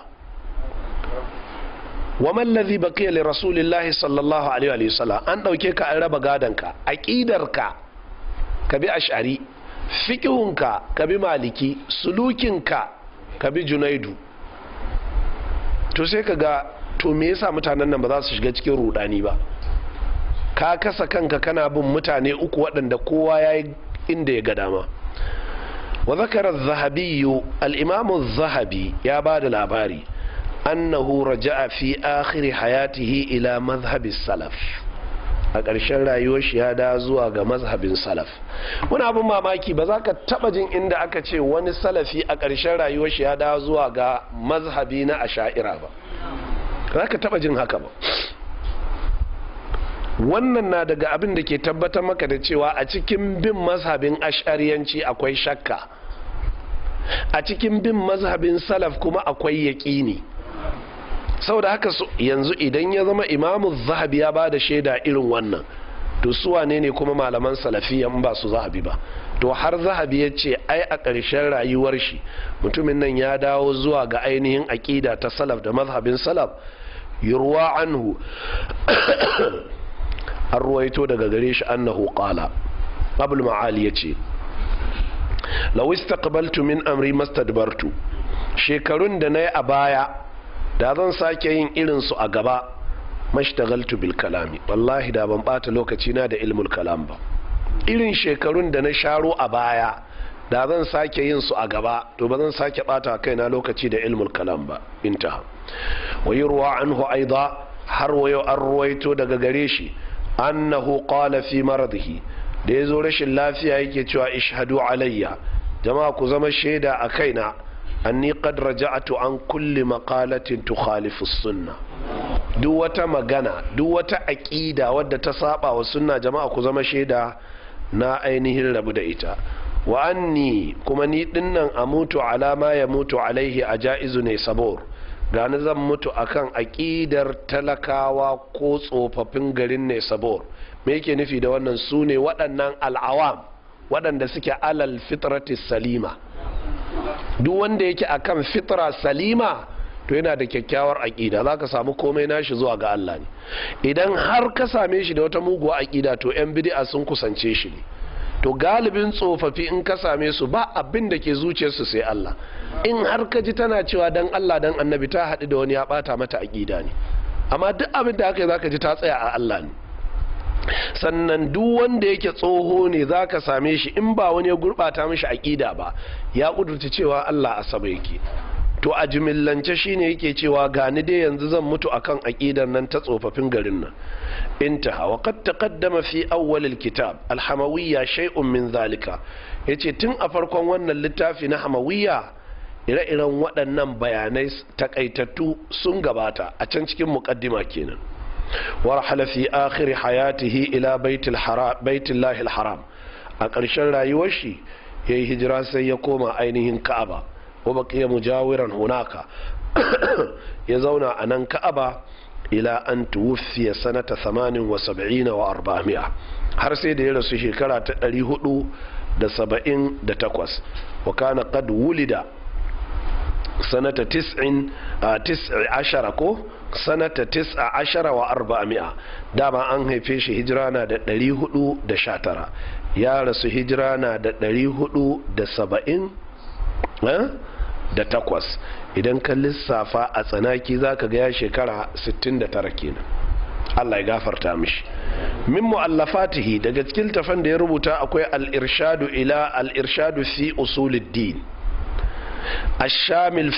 wa baqiya li rasulillahi sallallahu alaihi wa sallam an dauke ka an raba ka aƙidar ka. ka bi ash'ari fikihunka ka bi maliki sulukinka ka bi junaidu to sai ka ga to me yasa mutanen nan ba za su shiga cikin rudani ba ka kasa kanka kana bin mutane uku waɗanda kowa ya yi inda ya ga dama wa zakara zahabiyu al'imamu zahabi ya ba da labari annahu raja'a fi akhiri hayatihi ila mazhabis salaf a ƙarshen rayuwar shi ya da zuwa ga mazhabin salaf wani abin mamaki ba za ka taɓa jin inda aka ce wani salafi a ƙarshen rayuwar shi ya da zuwa ga mazhabi na asha'ira ba za ka taɓa jin haka ba wannan na daga abin da ke tabbatar maka da cewa a cikin bin mazhabin ash'ariyanci akwai shakka a cikin bin mazhabin salaf kuma akwai yaƙini saboda haka yanzu idan ya zama imamu zahabi ya ba da shaida irin wannan to su wane ne kuma malaman salafiyan ba su zahabi ba to har zahabi ya ce ai a ƙarshen rayuwar shi mutumin nan ya dawo zuwa ga ainihin aƙida ta salaf da mazhabin salaf yurwa anhu an ruwaito daga gare shi annahu qala abul ma'ali ya ce law istaqbaltu min amri mastadbartu shekarun da na yi a baya da zan sake yin irin su a gaba mashtagaltu bil kalami wallahi da ban bata lokaci na da ilmul kalam ba irin shekarun da na sharo a baya da zan sake yin su a gaba to ba zan sake bata kaina lokaci da ilmul kalam ba inta wa yurwa anhu aida har wayo an ruwaito daga gare shi annahu qala fi maradihi da yazo rashin lafiya yake cewa ishhadu alayya jama'a ku zama shaida a kaina anni an kulli maqalatin tukhalifu sunna duk wata magana duk wata aƙida wadda ta saba wa sunna jama'a ku zama shaida na ainihin rabu da ita wa anni kuma ni dinnan a mutu alama ya mutu alaihi a ja'izu ne sabor gani zan mutu akan aƙidar talakawa ko tsofaffin garin ne sabor me yake nufi da wannan su ne waɗannan al'awam waɗanda suke alal fitrati salima duk wanda yake akan fitra salima to yana da kyakkyawar aƙida za ka samu komai nashi zuwa ga Allah ne idan har ka same shi da wata muguwa aƙida to 'yan bidi'a sun kusance shi ne to galibin tsofaffi in ka same su ba abin da ke zuciyarsu sai Allah in har ka ji tana cewa dan Allah dan annabi ta haɗu da wani ya ɓata mata aƙida ne amma duk abin da aka yi zaka ji ta tsaya a Allah ne sannan duk wanda yake tsoho ne zaka same shi in ba wani ya gurɓata mishi aƙida ba ya kudurci cewa Allah a sama yake to a jimillance shine yake cewa gani dai yanzu zan mutu akan aƙidar nan ta tsofaffin garin nan intaha wa qad taqaddama fi awwalil kitab alhamawiyya shai'un min zalika yace tun a farkon wannan littafi na hamawiyya ire-iren waɗannan bayanai takaitattu sun gabata a can cikin muqaddima kenan warhala fi akhiri hayatihi ila baitil haram a ƙarshen rayuwar shi ya yi hijira sai ya koma ainihin ka'aba wa baqiya mujawiran hunaka ya zauna a nan ka'aba ila an tuwfiya sanata samanin wa wa arba'amiya har sai da ya rasu shekara ta hudu takwas wa kana qad wulida sanata ashara ko sanata tis'a ashara wa arba'amiya mi'a dama an haife shi hijira na da hudu da sha tara. ya rasu hijira na da hudu da saba'in da takwas idan ka lissafa a tsanaki za ka ga ya shekara tara kenan Allah ya gafarta mishi min mu'allafatihi daga cikin tafan da ya rubuta akwai al-irshadu ila al-irshadu fi usuluddin الشامل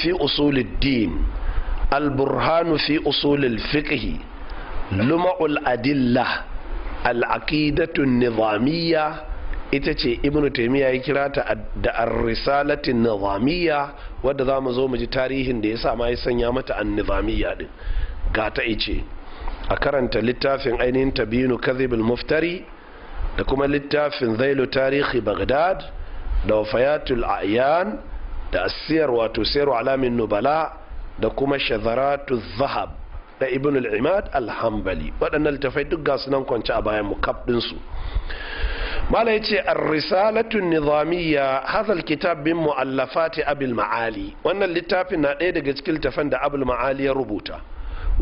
al-burhanu fi usulil في أصول الفقه al-aqidatu an nizamiyya ita ce ibn taimiyya ya kira ta da ar-risalatin nizamiyya wadda za mu zo mu ji tarihin da ya sa ma ya sanya mata an-nizamiyya din ga ta ice a karanta littafin ainihin tabinu kazibul muftari da kuma littafin zailu tarihi bagdad da wafayatul a'yan da asiyar wato sayarwa alamin nubala da kuma shazaratu zahab da ibn al-imad al-hambali waɗannan littafai duk ga nan kwance a bayan mu kaf ɗinsu mala ya ce risalatun nizamiyya hazal kitab bin mu'allafati abul ma'ali wannan littafin na ɗaya daga cikin littafan da abul ma'ali ya rubuta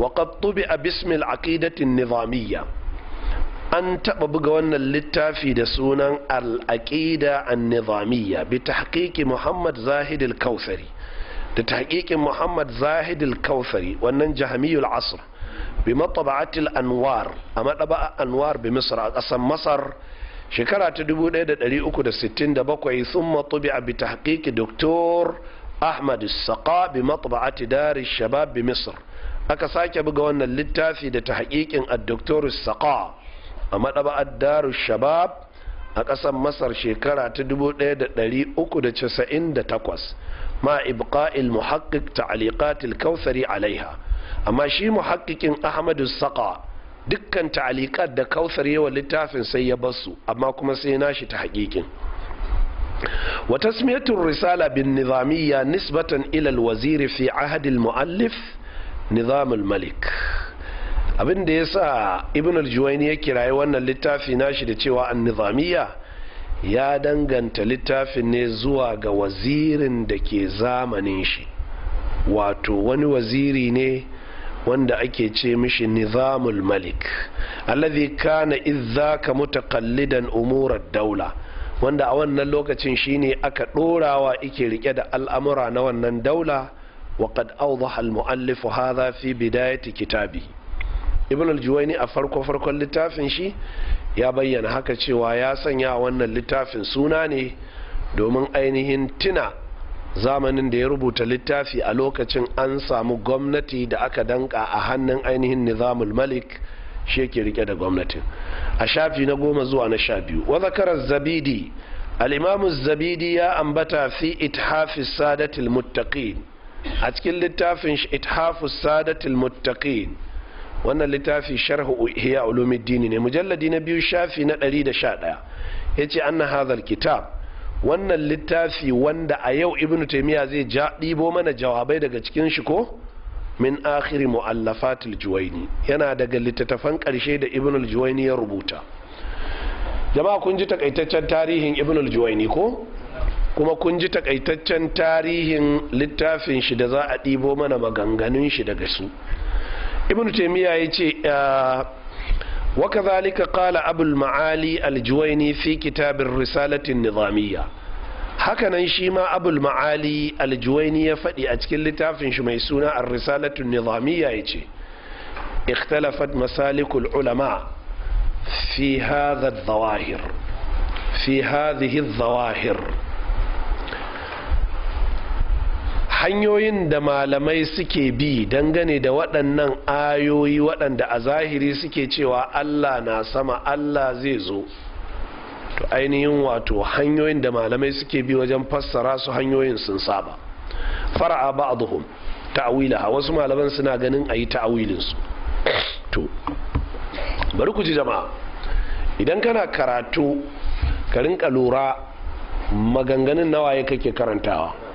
wa qad tubi'a bismil aqidatin nizamiyya an taɓa buga wannan littafi da sunan al-aqida an-nizamiyya bi tahqiqi muhammad zahid al-kautsari da tahqiqin muhammad zahid al-kautsari wannan jahmiyul asr bi al anwar a maɗaba'a anwar bi misr a ƙasar masar shekara ta 1367 sun tubi a bitahqiqi doktor ahmad saqa bi matba'ati dari shabab bi misr aka sake buga wannan littafi da ta haƙiƙin a doktor saqa a maɗaba'ar daru shabab a ƙasar masar shekara ta 1398 ma ibqa'il muhaqqiq ta'liqatil kautsari alaiha amma shi muhaqqiqin ahmadu saka dukkan ta'alikat da kautsar yawan littafin sai ya basu amma kuma sai nashi ta hakikin wa tasmiyatul risala bin nizamiyya nisbatan ila waziri fi ahadil muallif nizamul malik abin da yasa ibn al ya kirayi wannan littafi nashi da cewa an nizamiyya ya danganta littafin ne zuwa ga wazirin da ke zamanin shi wato wani waziri ne wanda ake ce mishi nizamul malik alladhi kana kalli mutaqallidan umurar daula wanda a wannan lokacin shine aka dorawa ike rike da al'amura na wannan daula وقد أوضح المؤلف هذا في kitabi. كتابه ibn aljuwaini a farko farkon littafin shi ya bayyana haka cewa ya sanya wannan littafin suna ne domin ainihin tina zamanin da ya rubuta littafi a lokacin an samu gwamnati da aka danka a hannun ainihin nizamul malik shi yake rike da gwamnatin a shafi na goma zuwa na sha biyu wa zakarar zabidi al'imamu zabidi ya ambata fi ithafi sadatil muttaqin a cikin littafin ithafu sadatil muttaqin wannan littafi sharhu ihya ulumidini ne mujalladi na biyu shafi na 111 yace anna hadhal kitab wannan littafi wanda a yau ibnu taimiyya zai ja ɗibo mana jawabai daga cikin shi ko min akhiri mu'allafatul juwaini yana daga littattafan ƙarshe da ibnu juwaini ya rubuta jama'a kun ji takaitaccen tarihin ibnu juwaini ko kuma kun ji takaitaccen tarihin littafin shi da za a ɗibo mana maganganun shi daga su ibnu taimiyya ya ce ah, وكذلك قال أبو المعالي الجويني في كتاب الرسالة النظامية هكا نشيما أبو المعالي الجويني فدي أتكل تافن شميسونا الرسالة النظامية يجي اختلفت مسالك العلماء في هذا الظواهر في هذه الظواهر hanyoyin da malamai suke bi dangane da waɗannan ayoyi waɗanda a zahiri suke cewa allah na sama allah zai zo to ainihin wato hanyoyin da malamai suke bi wajen fassara su hanyoyin sun saba fara'a ba'dhum a wasu malaman suna ganin ayi yi su to bari ku ji jama'a idan kana karatu ka rinka lura maganganun nawaye kake karantawa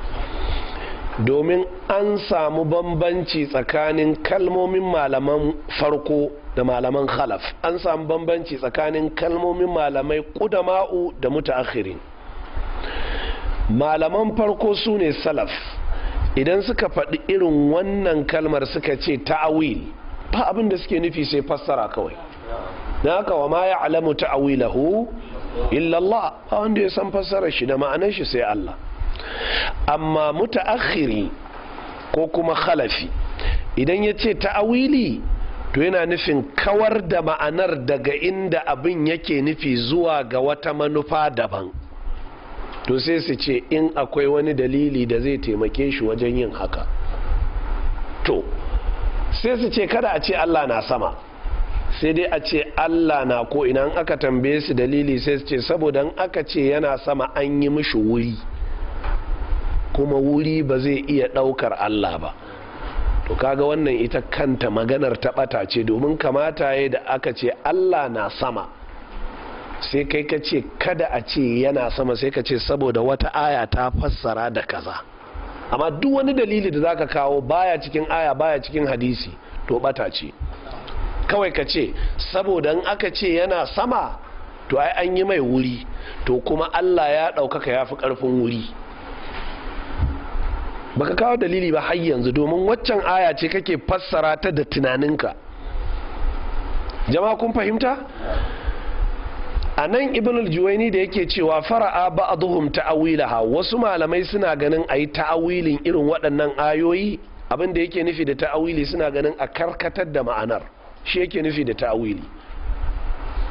domin an samu bambanci tsakanin kalmomin malaman farko da malaman khalaf an samu bambanci tsakanin kalmomin malamai kudama'u da mutaakhirin malaman farko su ne salaf idan suka faɗi irin wannan kalmar suka ce ta'awil ba abin suke nufi sai fassara kawai na haka wa ma alamu ta'awilahu illallah ba wanda ya san fassarar shi da ma'anar shi sai Allah amma mutaakhiri ko kuma khalafi idan ya ce ta'awili to yana nufin kawar da ma'anar daga inda abin yake nufi zuwa ga wata manufa daban to sai su ce in akwai wani dalili da zai taimake shi wajen yin haka to sai su ce kada a ce allah na sama sai dai a ce allah na ko ina aka tambaye su dalili sai su ce saboda aka ce yana sama an yi mishi wuri kuma wuri ba zai iya ɗaukar Allah ba to kaga wannan ita kanta maganar ta ɓata ce domin kamata ya da aka ce Allah na sama sai kai ka ce kada a ce yana sama sai ka ce saboda wata aya ta fassara da kaza amma duk wani dalili da zaka kawo baya cikin aya baya cikin hadisi to ɓata ce kawai ka ce saboda in aka ce yana sama to ai an yi mai wuri to kuma Allah ya ɗaukaka ya fi ƙarfin wuri baka kawo dalili ba har yanzu domin waccan aya ce kake fassara ta da tunaninka jama'a kun fahimta a nan ibn al da yake cewa fara'a ba'dhum ta'awilaha wasu malamai suna ganin ayi ta'awilin irin waɗannan ayoyi abin da yake nufi da ta'awili suna ganin a karkatar da ma'anar shi yake nufi da ta'awili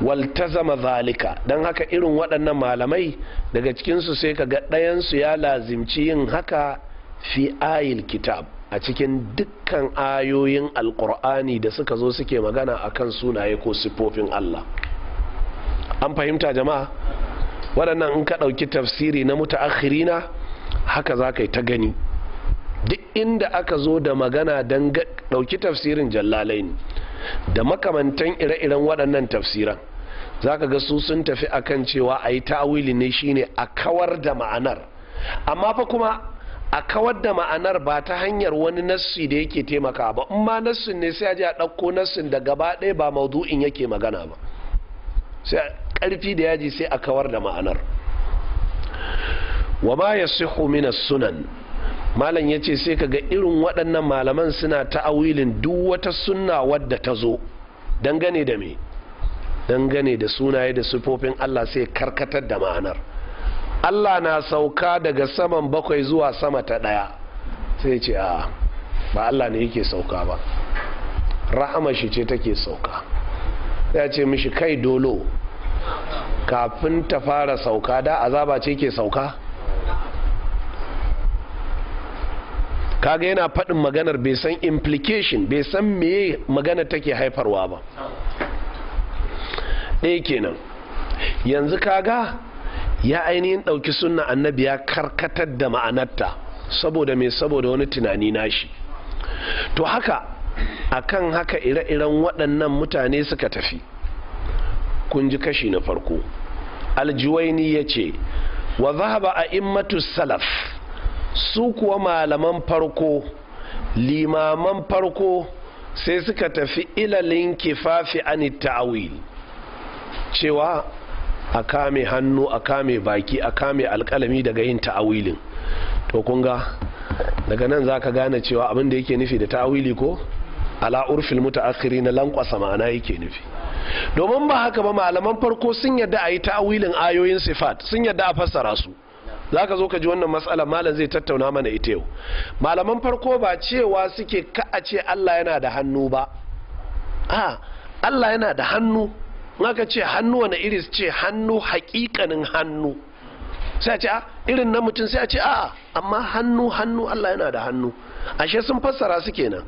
waltazama zalika don haka irin waɗannan malamai daga cikinsu sai kaga ga su ya lazimci yin haka fi ayin kitab a cikin dukkan ayoyin alkur'ani da suka zo suke magana a kan sunaye ko siffofin Allah an fahimta jama'a waɗannan in ka ɗauki tafsiri na mutaakhirina haka za ka yi ta gani duk inda aka zo da magana don ɗauki tafsirin jallalaini da makamantan ire-iren waɗannan tafsiran za ka ga su sun tafi akan cewa a yi ta'awili ne shine a kawar da ma'anar amma fa kuma a kawar da ma'anar ba ta hanyar wani nassi da yake taimaka ba in ma nassin ne sai a ji a ɗauko nassin da gaba ɗaya ba maudu'in yake magana ba sai ƙarfi da yaji sai a kawar da ma'anar wa ma ya min sunan malam ya ce sai kaga irin waɗannan malaman suna ta'awilin duk wata sunna wadda ta zo dangane da me dangane da sunaye da sufofin Allah sai karkatar da ma'anar Allah na sauka daga saman bakwai zuwa sama ta ɗaya sai ce a ah, ba Allah ne yake sauka ba rahama shi ce take sauka ya ce mishi kai dolo kafin ta fara sauka da azaba ce ke sauka kaga yana faɗin maganar bai san implication bai san meye magana take haifarwa ba ɗaya kenan yanzu kaga ya ainihin ɗauki sunna annabi ya karkatar da ma'anarta saboda mai saboda wani tunani nashi to haka akan haka ire-iren waɗannan mutane suka tafi kun ji kashi na farko aljiwaini ya ce wa zahaba a immatu salaf su kuwa malaman farko limaman farko sai suka tafi ilalin kifafi an ta'awil cewa a kame hannu a kame baki a kame alkalami daga yin ta'awilin to kun daga nan za ka gane cewa abin da yake nufi da ta'awili ko ala urfil mutaakhiri na lankwasa ma'ana yake nufi domin ba haka ba malaman farko sun yadda a yi ta'awilin ayoyin sifat sun yadda a fassara su za ka zo ka ji wannan matsala malam zai tattauna mana ita yau malaman farko ba cewa suke ka ce allah yana da hannu ba a allah yana da hannu aka ce hannu wani iris ce hannu hakikanin hannu sai a ce a ah, irin na mutum sai a ce a amma hannu hannu Allah yana da hannu ashe sun fassara su kenan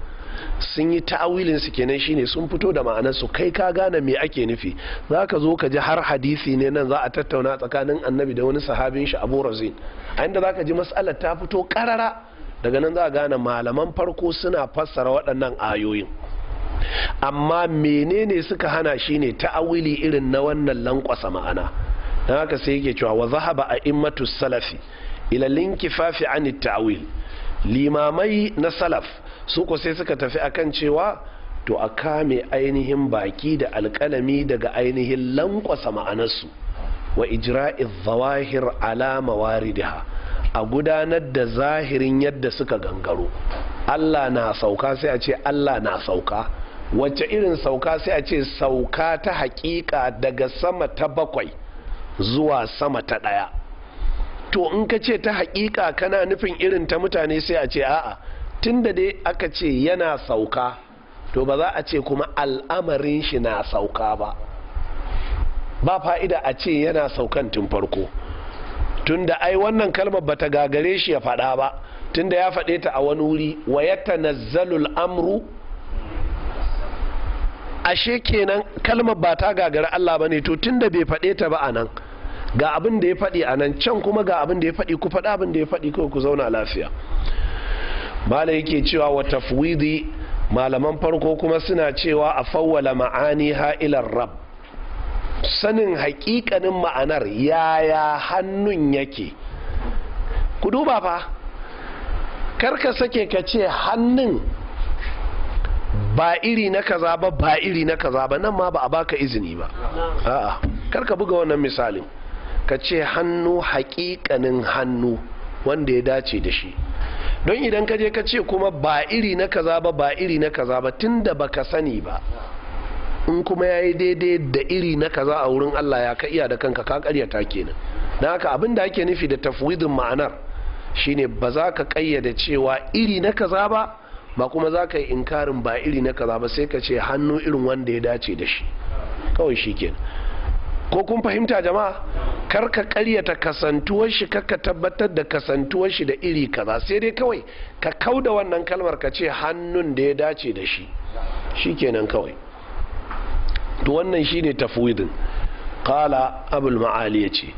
sun yi ta'awilin su kenan shine sun fito da ma'anar su kai ka gane me ake nufi za ka zo ka ji har hadisi ne nan za a tattauna tsakanin annabi da wani sahabin shi abu razin a inda za ka ji matsalar ta fito karara daga nan za a gane malaman farko suna fassara waɗannan ayoyin amma menene suka hana shine ta'awili irin na wannan lankwasa ma'ana don haka sai yake cewa wa zahaba a immatu salafi ila kifafi an ta'awil limamai na salaf su ko sai suka tafi akan cewa to a kame ainihin baki da alkalami daga ainihin lankwasa ma'anarsu wa ijra'i zawahir ala mawaridiha a gudanar da zahirin yadda suka gangaro Allah na sauka sai a ce Allah na sauka wacce irin sauka sai a ce sauka ta hakika daga sama ta bakwai zuwa sama ta ɗaya to in ka ce ta hakika kana nufin irin ta mutane sai a ce a'a da dai aka ce yana sauka to ba za a ce kuma al'amarin shi na sauka ba ba fa'ida a ce yana saukan tun farko tun da ai wannan kalmar bata gagare shi ya faɗa ba tun da ya faɗe ta a wani wuri wa ya nazzalul amru ashe kenan kalmar ba ta gagara Allah ba ne to tunda bai faɗe ta ba a nan. ga abin da ya faɗi nan can kuma ga abin da ya faɗi ku faɗa abin da ya faɗi kawai ku zauna lafiya malam yake cewa wa tafwidi malaman farko kuma suna cewa a fawwala ma'ani ha'ilar rab sanin haƙiƙanin ma'anar yaya hannun yake ku duba fa karka sake ka ce hannun ba iri na kaza ba ba iri na kaza ba nan ma ba a baka izini ba a'a karka buga wannan misalin ka ce hannu hakikanin hannu wanda ya dace da shi don idan ka je ka ce kuma ba iri na kaza ba ba iri na kaza ba tunda baka sani ba in kuma ya yi daidai da iri na kaza a wurin Allah ya ka iya da kanka ka karyata kenan don haka abin da ake nufi da tafwidin ma'anar shine ba za ka kayyada cewa iri na kaza ba ba kuma za ka yi inkarin ba iri na kaza ba sai ka ce hannu irin wanda ya dace da shi kawai shi kenan ko kun fahimta jama'a kar ka karyata kasantuwar shi kar ka tabbatar da kasantuwar shi da iri kaza sai dai kawai ka kau da wannan kalmar ka ce hannun da ya dace da shi Shi kenan kawai to wannan shi shine tafwidin qala abul ma'ali yace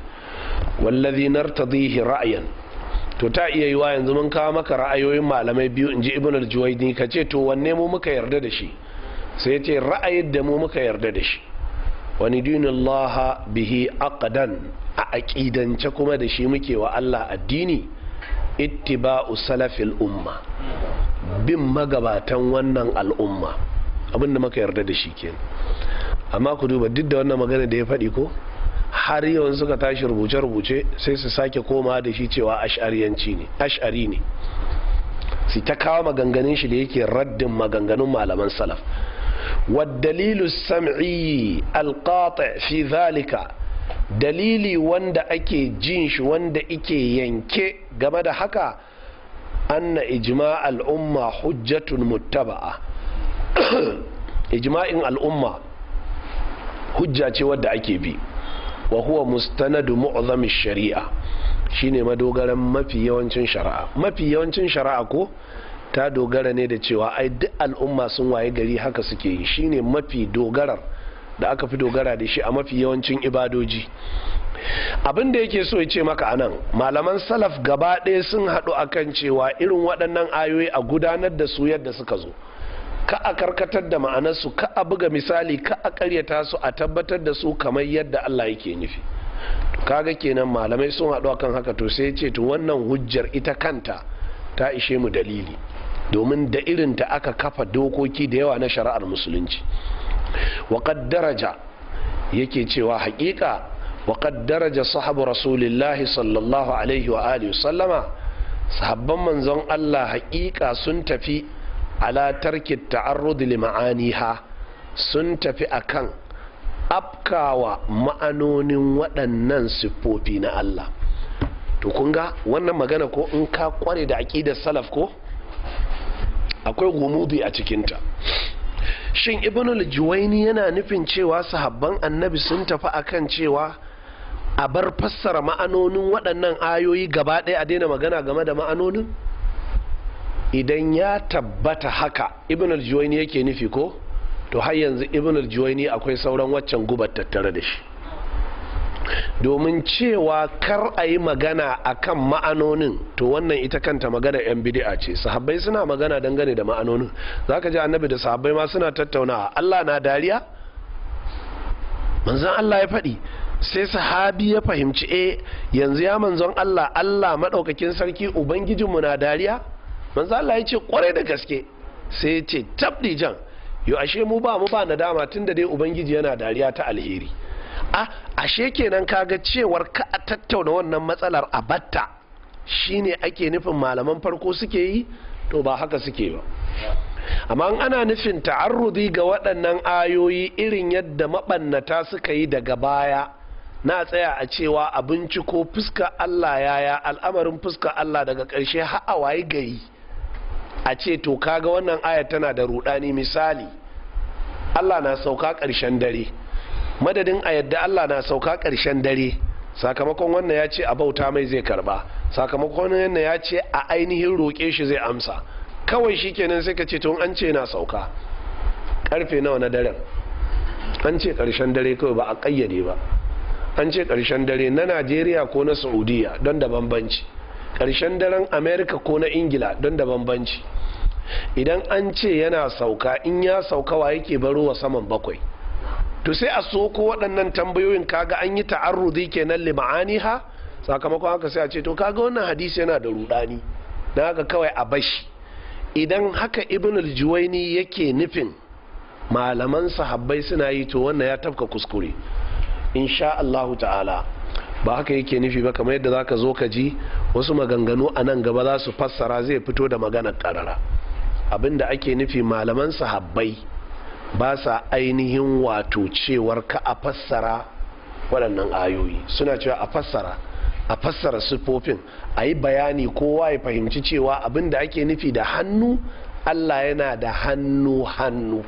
wallazi nartadihi ra'yan to ta iya yiwa yanzu mun kawo maka ra'ayoyin malamai biyu in ji ibn al-juwaidi ka ce to wanne mu muka yarda da shi sai ya ce ra'ayin da mu muka yarda da shi wani dinullah bihi aqdan a aƙidance kuma da shi muke wa Allah addini ittiba'u salafil umma bin magabatan wannan al'umma abinda muka yarda da shi kenan amma ku duba duk da wannan magana da ya faɗi ko har yanzu suka tashi rubuce-rubuce sai su sake koma da shi cewa ash'ariyanci ne ash'ari ne su ta kawo maganganun shi da yake raddin maganganun malaman salaf waddalilu sam'i القاطع fi ذلك dalili wanda ake jin shi wanda ike yanke game da haka anna ijma al'umma hujjatun muttaba'a ijma'in al'umma hujja ce wadda ake bi wa huwa mustanadu mu'zami shari'a shine madogaran mafi yawancin shari'a mafi yawancin shari'a ko ta dogara ne da cewa ai duk al'umma sun waye gari haka suke yi shine mafi dogarar da aka fi dogara da shi a mafi yawancin ibadoji abin da yake so ya ce maka anan malaman salaf gaba ɗaya sun haɗu akan cewa irin waɗannan ayoyi a gudanar da su yadda suka zo ka a karkatar da ma'anarsu ka a buga misali ka a karyata su a tabbatar da su kamar yadda Allah yake nufi kaga kenan malamai sun haɗu kan haka to sai ce to wannan hujjar ita kanta ta ishe mu dalili domin da irin ta aka kafa dokoki da yawa na shari'ar musulunci waƙad daraja yake cewa haƙiƙa waƙad daraja sahabu rasulillahi sallallahu alaihi wa alihi sallama sahabban manzon Allah haƙiƙa sun tafi ala tarki ta'arrud li ma'aniha sun tafi akan afkawa ma'anonin waɗannan siffofi na Allah to kun ga wannan magana ko in ka kware da aqidar salaf ko akwai gumudi a cikinta shin ibn al-juwaini yana nufin cewa sahabban annabi sun tafi akan cewa a bar fassara ma'anonin waɗannan ayoyi gaba ɗaya a daina magana game da ma'anonin idan ya tabbata haka ibn al-juwaini yake nufi ko to har yanzu ibn al-juwaini akwai sauran waccan gubar tattare da shi domin cewa kar a yi magana a kan ma'anonin to wannan ita kanta magana 'yan bidi'a ce sahabbai suna magana dangane da ma'anonin zaka ka ji annabi da sahabbai ma suna tattaunawa allah na dariya manzon allah ya faɗi sai sahabi ya fahimci e yanzu ya manzon allah allah maɗaukakin sarki ubangijinmu na dariya manzo Allah ya ce kwarai da gaske sai ya ce tabdi jan yo ashe mu ba mu ba nadama tunda dai ubangiji yana dariya ta alheri a ashe kenan kaga cewar ka a tattauna wannan matsalar a batta shine ake nufin malaman farko suke yi to ba haka suke ba amma ana nufin ta'arrudi ga waɗannan ayoyi irin yadda maɓannata suka yi daga baya na tsaya a cewa abinci ko fuska Allah yaya al'amarin fuska Allah daga ƙarshe ha'a waye gari a ce to kaga wannan aya tana da rudani misali Allah na sauka ƙarshen dare madadin a yadda Allah na sauka karshen dare sakamakon wannan ya ce a bauta mai zai karba sakamakon wannan ya ce a ainihin roƙe shi zai amsa kawai shi kenan sai ka ce tun an ce na sauka karfe nawa na daren an ce ƙarshen dare kawai ba a ƙayyade ba an ce ƙarshen dare na najeriya ko na saudiya don da bambanci ƙarshen daren Amerika ko na ingila don da bambanci idan an ce yana sauka in ya sauka wa yake baro wa saman bakwai to sai a soko waɗannan tambayoyin kaga an yi ta'arrudi kenan lima'ani ha sakamakon haka sai a ce to kaga wannan hadisi yana da rudani na haka kawai a bashi idan haka ibn aljuwaini yake nufin malaman sahabbai suna yi to wannan ya tafka kuskure insha Allahu ta'ala ba haka yake nufi ba kamar yadda zaka zo ka ji wasu maganganu a nan gaba za su fassara zai fito da magana karara abinda ake nufi malaman sahabbai ba sa ainihin wato cewar ka a fassara waɗannan ayoyi suna cewa a fassara a fassara sufofin a yi bayani kowa ya fahimci cewa abinda ake nufi da hannu allah yana da hannu hannu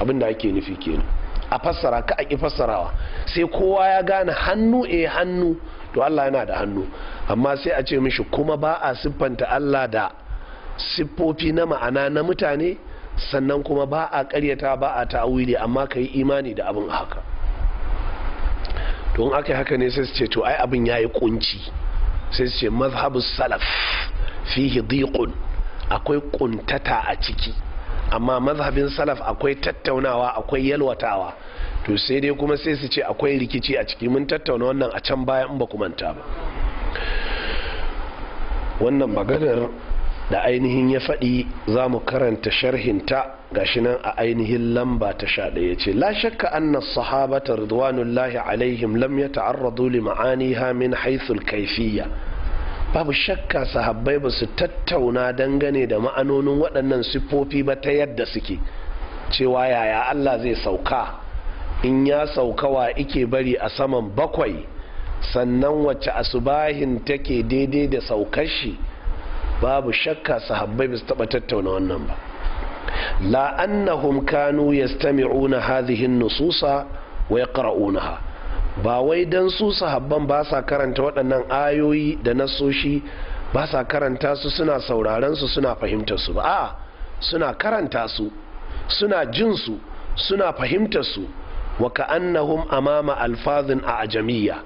abinda ake nufi kenan a fassara ka a ƙi fassarawa sai kowa ya gane hannu e hannu to Allah yana da hannu amma sai a ce mishi kuma ba a siffanta Allah da siffofi na ma'ana na mutane sannan kuma ba a karyata ba a ta'awili amma ka yi imani da abin haka to in aka yi haka ne sai su ce to ai abin ya yi kunci sai su ce mazhabu salaf fihi dhiqun akwai kuntata a ciki amma mazhabin salaf akwai tattaunawa akwai yalwatawa to sai dai kuma sai su ce akwai rikici a ciki mun tattauna wannan a can baya in ba ku manta ba wannan maganar da ainihin ya faɗi za mu karanta sharhinta gashi nan a ainihin lamba ta sha ɗaya ce la shakka anna sahabata ridwanullahi alaihim lam ya ta'arradu li ma'aniha min haythul kaifiyya babu shakka sahabbai ba su tattauna dangane da ma'anonin waɗannan siffofi ba ta yadda suke cewa yaya Allah zai sauka in ya sauka wa ike bari a saman bakwai sannan wacce asubahin take daidai da saukar shi babu shakka sahabbai ba su taɓa tattauna wannan ba la annahum kanu yastami'una hadhihi nususa wa yaqra'unaha ba wai don su sahabban ba sa karanta waɗannan ayoyi da nasoshi ba sa karanta su suna sauraron su suna fahimtar su ba a suna karanta su suna jin su suna fahimtar su wa ka'annahum amama alfazin a ajamiya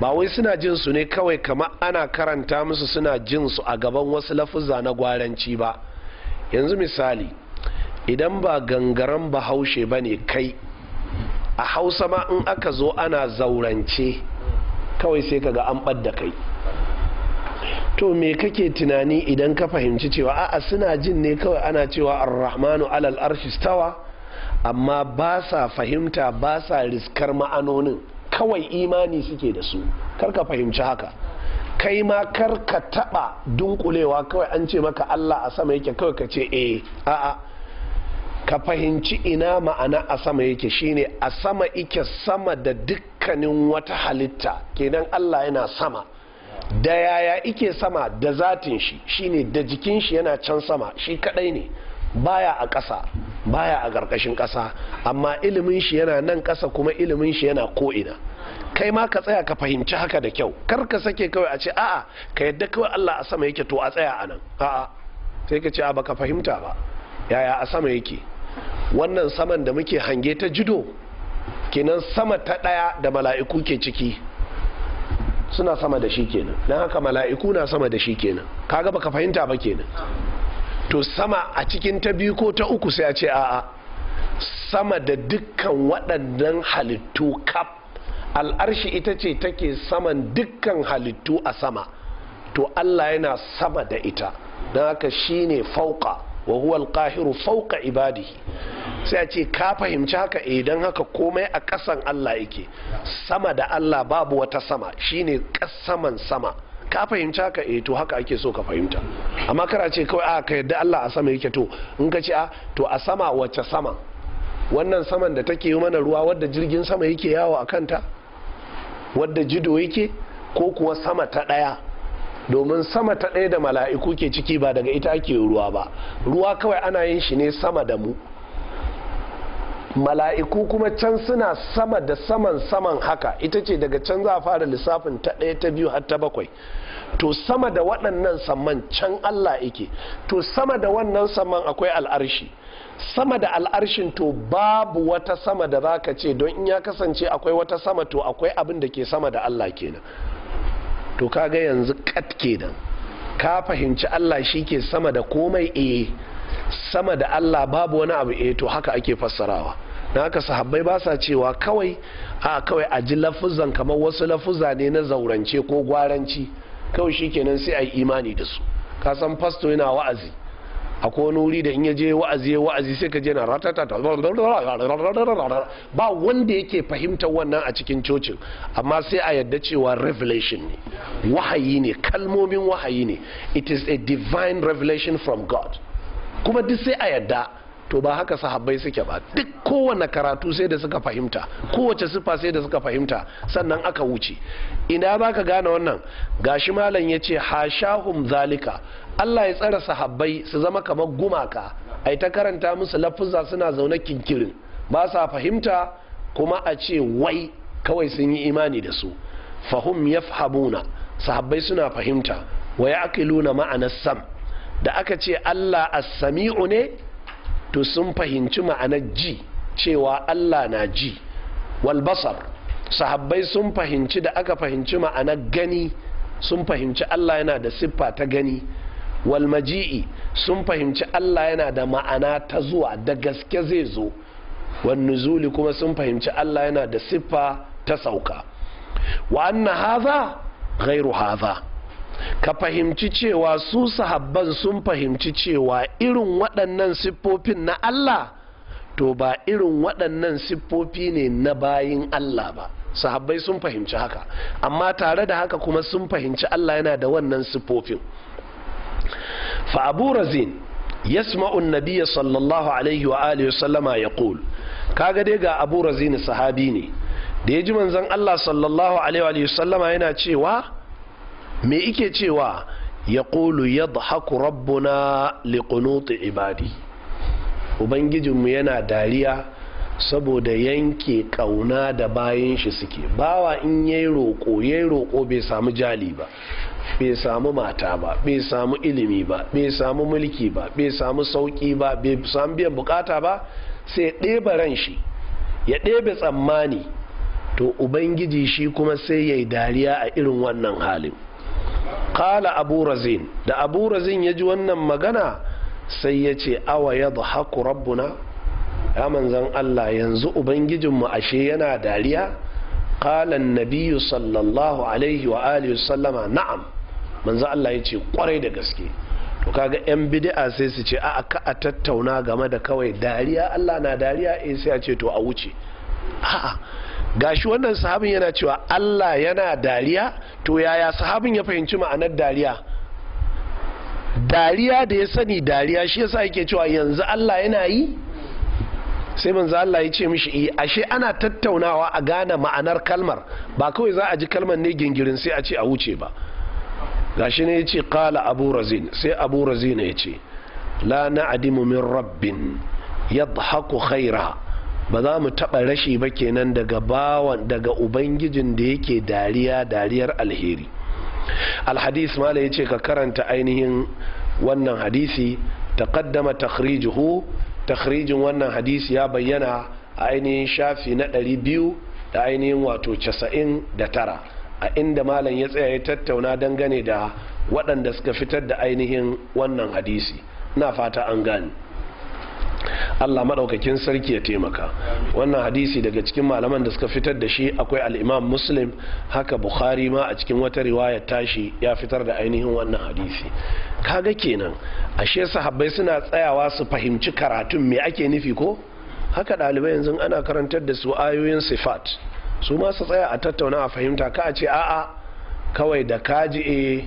ba wai suna jin su ne kawai kama ana karanta musu suna jin su a gaban wasu lafuzza na gwaranci ba yanzu misali idan ba gangaren bahaushe ba ne kai a hausa ma in aka zo ana zaurance kawai sai kaga an ɓadda kai to me kake tunani idan ka fahimci cewa a'a suna jin ne kawai ana cewa ar-rahmanu alal arshistawa amma ba sa fahimta ba sa riskar ma'anonin kawai imani suke da su karka fahimci haka kai ma kar ka taba dunkulewa kawai an ce maka Allah a sama yake kawai ka ce eh a'a ka fahimci ina ma'ana a sama yake shine a sama ike sama da dukkanin wata halitta kenan Allah yana sama da yaya ike sama da zatin shi shine da jikin shi yana can sama shi kadai ne baya a ƙasa baya a ƙarƙashin ƙasa amma ilimin shi yana nan ƙasa kuma ilimin shi yana ko'ina kai ma ka tsaya ka fahimci haka da kyau kar ka sake kawai a ce a'a ka yadda kawai Allah a sama yake to a tsaya a nan a'a sai ka ce a baka fahimta ba yaya a sama yake wannan saman da muke hange ta jido kenan sama ta ɗaya da mala'iku ke ciki suna sama da shi kenan don haka mala'iku na sama da shi kenan kaga baka fahimta ba kenan to sama a cikin ta biyu ko ta uku sai a ce a'a sama da dukkan waɗannan halittu kaf al'arshi ita ce take saman dukkan halittu a sama to Allah yana sama da ita don haka shine fauka wa huwa alqahiru fawqa ibadihi sai a ce ka fahimci haka idan eh, haka komai a ƙasan Allah yake sama da Allah babu wata sama shine ƙasaman sama ka fahimci haka eh to haka ake so ka fahimta amma kana ce kawai a ah, ka yadda Allah a sama yake to in ka ce a ah, to a sama wacce sama wannan saman da take yi mana ruwa wadda jirgin sama yake yawo a kanta wadda jido yake ko kuwa sama ta ɗaya domin sama ta ɗaya da mala'iku ke ciki ba daga ita ake ruwa ba ruwa kawai ana yin shi ne sama da mu mala'iku kuma can suna sama da saman saman haka ita ce daga can za a fara lissafin ta ɗaya ta biyu har ta bakwai to sama da waɗannan saman can Allah yake to sama da wannan saman akwai al'arshi sama da al'arshin to babu wata sama da za ka ce don in ya kasance akwai wata sama to akwai abin da ke sama da Allah kenan to ka ga yanzu kat kenan ka fahimci Allah shi ke sama da komai eh sama da Allah babu wani abu eh to haka ake fassarawa na haka sahabbai ba sa cewa kawai a kawai a ji lafuzan kamar wasu lafuza ne na zaurance ko gwaranci kawai shikenan sai a yi imani da su ka san fasto yana wa'azi akwai wani wuri da in ya je wa'azi ya wa'azi sai ka je na ba wanda yake fahimtar wannan a cikin cocin amma sai a yadda cewa revelation ne wahayi ne kalmomin wahayi ne it is a divine revelation from god kuma duk sai a yadda to ba haka sahabbai suke ba duk kowane karatu sai da suka fahimta kowace siffa sai da suka fahimta sannan aka wuce ina za ka gane wannan Ga shi malam ya ce hashahum zalika allah ya tsara sahabbai su zama kamar gumaka ai ta karanta musu lafuzza suna zaune kinkirin ba sa fahimta kuma a ce wai kawai sun yi imani da su fahum yafhamuna sahabbai suna fahimta wa ya'qiluna ma'anar sam da aka ce allah as-sami'u ne to sun fahimci ma'anar ji cewa Allah na ji walbasar sahabbai sun fahimci da aka fahimci ma'anar gani sun fahimci Allah yana da siffa ta gani walmaji'i sun fahimci Allah yana da ma'ana ta zuwa da gaske zai zo wannuzuli kuma sun fahimci Allah yana da siffa ta sauka wa anna haza ghairu haza ka fahimci cewa su sahabban sun fahimci cewa irin waɗannan siffofin na Allah to ba irin waɗannan siffofi ne na bayin Allah ba sahabbai sun fahimci haka amma tare da haka kuma sun fahimci Allah yana da wannan siffofin fa abu razin yasma'un nabiyya sallallahu alaihi wa alihi sallama ya kaga dai ga abu razin sahabi ne da ya ji manzon Allah sallallahu alaihi wa sallama yana cewa me ike cewa ya ƙulu ya haku rabbuna liƙunutu ibadi ubangijinmu yana dariya saboda yanke ƙauna da bayan shi suke bawa in yayi roƙo yayi roƙo bai samu jali ba bai samu mata ba bai samu ilimi ba bai samu mulki ba bai samu sauƙi ba bai samu biyan bukata ba sai ɗeba ran shi ya ɗebe tsammani to ubangiji shi kuma sai ya yi dariya a irin wannan halin kala abu razin da abu razin ya ji wannan magana sai ya ce awa ya haku rabbuna ya manzan Allah yanzu ubangijinmu ashe yana dariya kalan nabiyu sallallahu alaihi wa alihi sallama na'am manzan Allah ya ce kwarai da gaske to kaga yan bid'a sai su ce a'a ka a tattauna game da kawai dariya Allah na dariya eh sai a ce to a wuce a'a gashi wannan sahabin yana cewa Allah yana dariya to yaya sahabin ya fahimci ma'anar dariya dariya da ya sani dariya shi yasa yake cewa yanzu Allah yana yi sai manzo Allah ya ce mishi yi eh, ashe ana tattaunawa a gane ma'anar kalmar ba kawai za a ji kalmar ne gingirin sai a ce a wuce ba gashi ne ya ce kala abu razin sai abu razin ya ce la na'adimu min rabbin yadhaku khaira ba za mu taɓa rashi ba kenan daga bawan daga ubangijin da yake dariya dariyar alheri alhadis malam ya ce ka karanta ainihin wannan hadisi ta kaddama takhrijuhu takhrijin wannan hadisi ya bayyana a ainihin shafi na 200 da ainihin wato 99 a inda malam ya tsaya ya tattauna dangane da waɗanda suka fitar da ainihin wannan hadisi na fata an gani Allah maɗaukakin sarki ya taimaka wannan hadisi daga cikin malaman da suka fitar da shi akwai al'imam muslim haka bukhari ma a cikin wata riwaya tashi ya fitar da ainihin wannan hadisi kaga kenan ashe sahabbai suna tsayawa su fahimci karatun me ake nufi ko haka ɗalibai yanzu ana karantar da su ayoyin sifat su ma su tsaya a tattauna a fahimta ka a ce a'a kawai da kaji eh,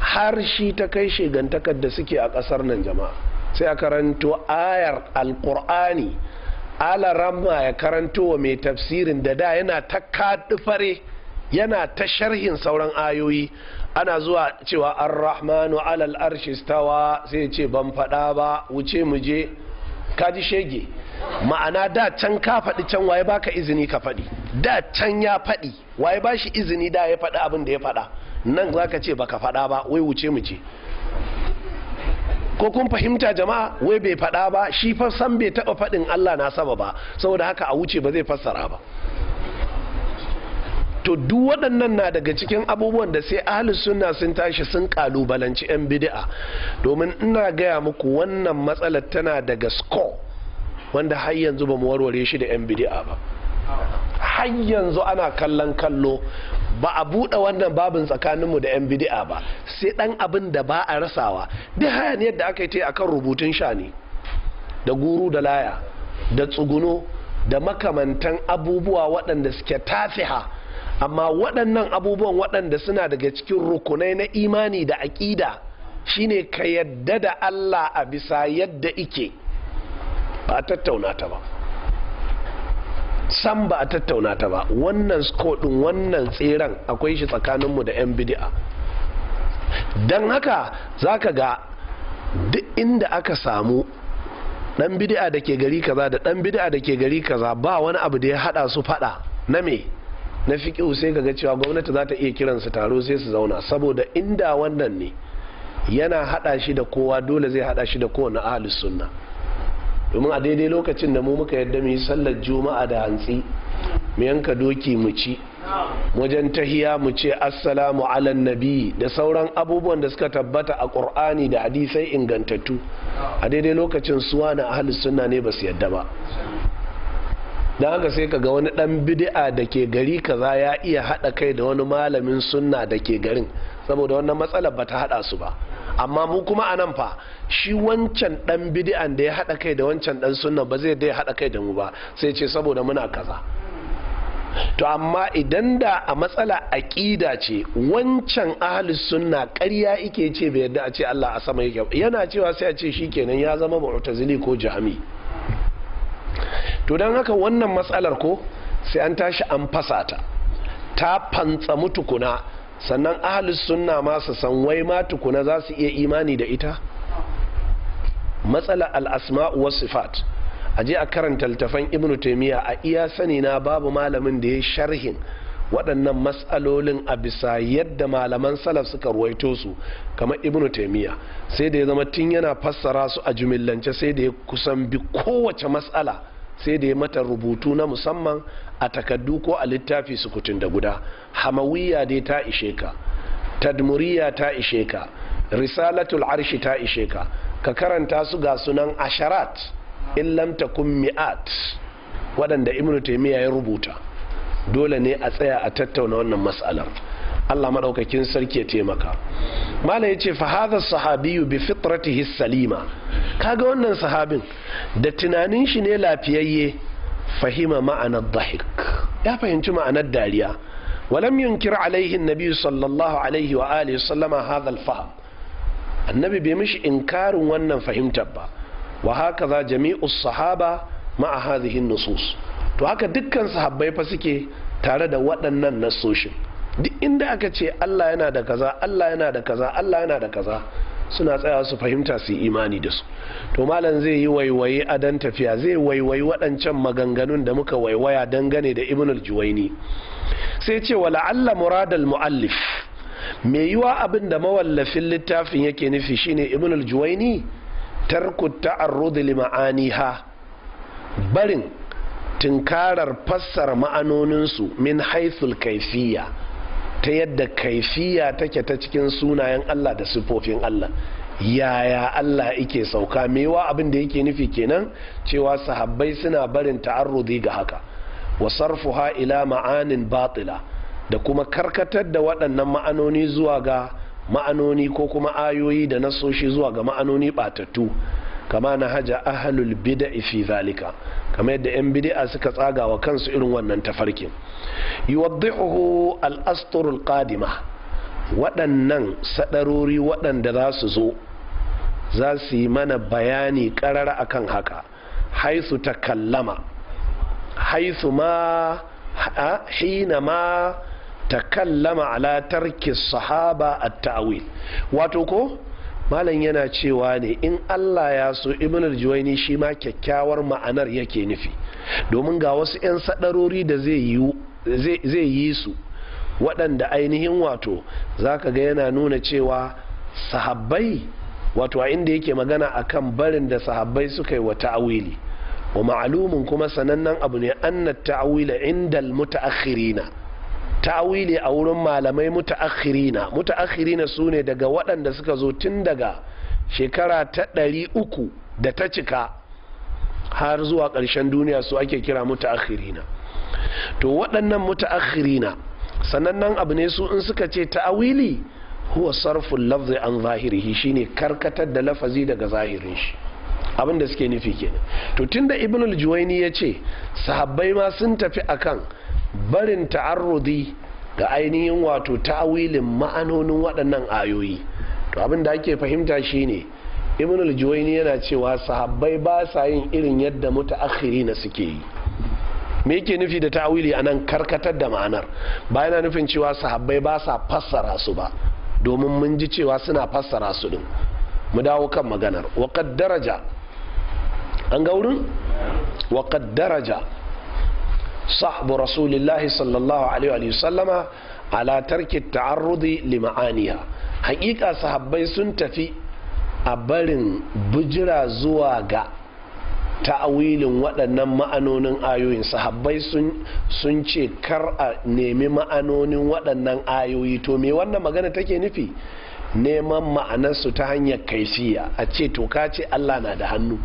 har shi ta kai shigantakar da suke a ƙasar nan jama'a sai a karanto ayar alkur'ani ala ramma ya karanto wa mai tafsirin da da yana ta kadifare yana ta sharhin sauran ayoyi ana zuwa cewa ar-rahmanu alal arshi stawa sai ce ban faɗa ba wuce mu je kaji shege ma'ana da can ka faɗi can waye baka izini ka faɗi da can ya faɗi waye ba shi izini da ya faɗi abin da ya faɗa nan zaka ce baka faɗa ba wai wuce mu ko kun fahimta jama'a wai bai faɗa ba shi fa san bai taɓa faɗin Allah na sama ba saboda haka a wuce ba zai fassara ba to duk waɗannan na daga cikin abubuwan da sai ahli sunna sun tashi sun kalubalanci 'yan bid'a domin ina gaya muku wannan matsalar tana daga score wanda har yanzu ba mu warware shi da 'yan bid'a ba har yanzu ana kallon kallo ba a buɗe wannan babin tsakaninmu da 'yan bidi'a ba sai ɗan abin da ba a rasawa duk hayaniyar da aka yi ta a kan rubutun shani da guru da laya da tsuguno da makamantan abubuwa waɗanda suke tafiha amma waɗannan abubuwan waɗanda suna daga cikin rukunai na imani da aƙida shine ka yadda da Allah a bisa yadda ike ba tattauna ta ba san ba a tattauna ta ba wannan skodin wannan tseren akwai shi tsakaninmu da 'yan bidi'a don haka za ka ga duk inda aka samu dan bidi'a da ke gari kaza da dan bidi'a da ke gari kaza ba wani abu da ya hada su fada na me na kyau sai kaga cewa gwamnati za ta iya su taro sai su zauna saboda inda wannan ne yana hada shi da kowa dole zai hada shi da kowane ahlus sunna domin a daidai lokacin da mu muka yadda mu yi sallar juma'a da hantsi mu yanka doki mu ci wajen tahiya mu ce assalamu ala nabi da sauran abubuwan da suka tabbata a ƙur'ani da hadisai ingantattu a daidai lokacin suwa na ahli sunna ne ba su yadda ba don haka sai ka ga wani dan bid'a da ke gari kaza ya iya haɗa kai da wani malamin sunna da ke garin saboda wannan matsalar ba ta haɗa su ba amma mu kuma a nan fa shi wancan dan bidi'an da ya hada kai da wancan dan sunna ba zai da ya hada kai da mu ba sai ce saboda muna kaza to amma idan da a matsala aƙida ce wancan ahlus sunna ƙarya ike ce bai yarda a ce Allah a sama yake yana cewa sai a ce shikenan ya zama mu'tazili ko jami to dan haka wannan matsalar ko sai an tashi an fasa ta ta fantsa mutukuna sannan ahalus sunna ma san wai ma tukuna za su iya imani da ita matsala al'asma wa sifat a je a karanta littafan ibn taimiyya a iya sani na babu malamin da ya sharhin waɗannan matsalolin a bisa yadda malaman salaf suka ruwaito su kamar ibn taimiyya sai da ya zama tun yana fassara su a jumillance sai da ya kusan bi kowace matsala sai da ya mata rubutu na musamman a takaddu ko a littafi sukutun da guda hamawiya dai ta ishe ka tadmuriya ta ishe ka risalatul arshi ta ishe ka ka karanta su ga sunan asharat in lamta kun mi'at waɗanda ibnu taymiya ya rubuta dole ne a tsaya a tattauna wannan mas'alar Allah madaukakin sarki ya taimaka malam yace fa hadha sahabiyu bi fitratihi salima kaga wannan sahabin da tunanin shi ne lafiyayye fahima ma'anar dahik ya fahimci ma'anar dariya walam yunkir alaihi nabi sallallahu alaihi wa alihi sallama hadha al annabi bai mishi inkarin wannan fahimtar ba wa hakaza jami'u sahaba ma'a hadhihi nusus to haka dukkan sahabbai fa suke tare da waɗannan nasoshin duk inda aka ce Allah yana da kaza Allah yana da kaza Allah yana da kaza suna tsaya su fahimta su yi imani da su to malam zai yi waiwaye a dan tafiya zai waiwayi waɗancan maganganun da muka waiwaya gane da ibn sai ce wa la'alla muradal muallif mai yiwa abin da mawallafin littafin yake nufi shine ibn al-juwaini tarku ta'arrud li ma'aniha barin tinkarar fassara ma'anoninsu min haithul kaifiyya ta yadda kaifiya take ta cikin sunayen Allah da siffofin Allah yaya Allah yake sauka mewa abin da yake nufi kenan cewa sahabbai suna barin ta'arrudi ga haka wa sarfuha ila ma'anin batila da kuma karkatar da waɗannan ma'anoni zuwa ga ma'anoni ko kuma ayoyi da nasoshi zuwa ga ma'anoni batattu kama na haja ahlul bida'i fi zalika kamar yadda 'yan bidi'a suka tsaga wa kansu irin wannan tafarkin yuwaddihu al al qadima waɗannan sadarori waɗanda za su zo za su yi mana bayani ƙarar akan haka haisu takallama haisu ma hina ma ta ala tarki sahaba a ta'awil wato ko malam yana cewa ne in allah ya so ibn juwaini shi ma kyakkyawar ma'anar yake nufi domin ga wasu 'yan sadarori da zai yi su waɗanda ainihin wato zaka ga yana nuna cewa sahabbai wato a inda yake magana akan barin da sahabbai suka yi wa ta'awili wa ma'alumin kuma sanannen abu ne an anna ta'awila inda al-mutaakhirina ta'awili a wurin malamai muta'akhirina muta'akhirina sune daga waɗanda suka zo tun daga shekara ta ɗari uku da ta cika har zuwa ƙarshen duniya su ake kira muta'akhirina to waɗannan muta'akhirina sanannen abu ne su in suka ce ta'awili huwa sarfin lafzi an zahirihi shine karkatar da lafazi daga zahirin shi abinda suke nufi kenan to tunda ibn al-juwayni ya ce sahabbai ma sun tafi akan barin ta'arrudi ga ainihin wato ta'awilin ma'anonin waɗannan ayoyi to abin da ake fahimta shine ibn al-juwayni yana cewa sahabbai ba sa yin irin yadda mutaakhiri na suke yi me yake nufi da ta'awili a anan karkatar da ma'anar ba yana nufin cewa sahabbai ba sa fassara su ba domin mun ji cewa suna fassara su din mu dawo kan maganar wa daraja an ga wurin wa daraja sahbu rasulullahi sallallahu alaihi wasallama ala tarki ta'arrudi lima'aniya sahabbai sun tafi a barin bijira zuwa ga ta'awilin waɗannan ma'anonin ayoyin sahabbai sun ce kar a nemi ma'anonin waɗannan ayoyi to me wannan magana take nufi neman ma'anarsu ta hanyar kaifiya a ce to ka ce allah na da hannu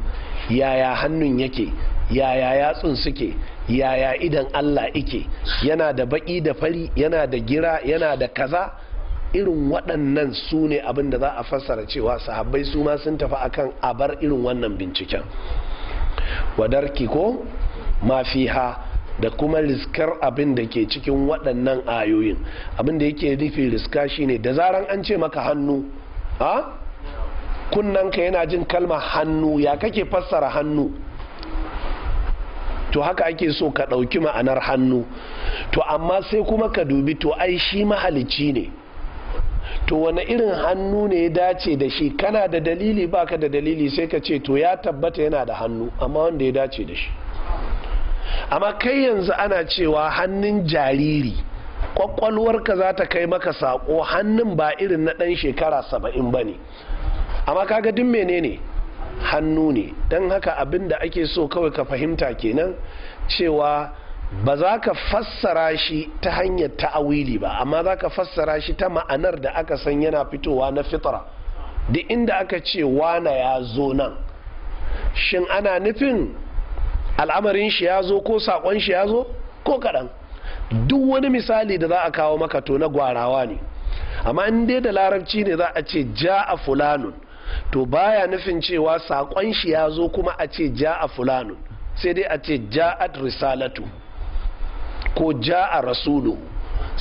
yaya hannun yake yaya yatsun suke yaya idan Allah ike yana da baƙi da fari yana da gira yana da kaza irin waɗannan su ne abin da za a fassara cewa sahabbai su ma sun tafi akan abar irin wannan binciken wadarki ko mafiha da kuma riskar abin da ke cikin waɗannan ayoyin abin da yake rufe riska shine da zaran an ce maka hannu ha kunnanka yana jin kalma hannu ya kake fassara hannu to haka ake so ka ɗauki ma'anar hannu to amma sai kuma ka dubi to ai shi mahalicci ne to wani irin hannu ne ya dace da shi kana da dalili baka da dalili sai ka ce to ya tabbata yana da hannu amma wanda ya dace da shi amma kai yanzu ana cewa hannun jariri kwakwalwarka za ta kai maka saƙo hannun ba irin na ɗan shekara saba'in ba ne amma kaga duk menene hannu ne don haka abin da ake so kawai ka fahimta kenan cewa ba za ka fassara shi ta hanyar ta'awili ba amma za ka fassara shi ta ma'anar da aka san yana fitowa na fitra duk inda aka ce wana ya zo nan shin ana nufin al'amarin shi ya zo ko saƙon shi ya zo ko kaɗan duk wani misali da za a kawo maka to na gwarawa ne amma in dai da larabci ne za a ce ja a fulanun to baya nufin cewa saƙon shi ya zo kuma a ce ja a fulano sai dai a ce ja a risalatu ko ja a rasulu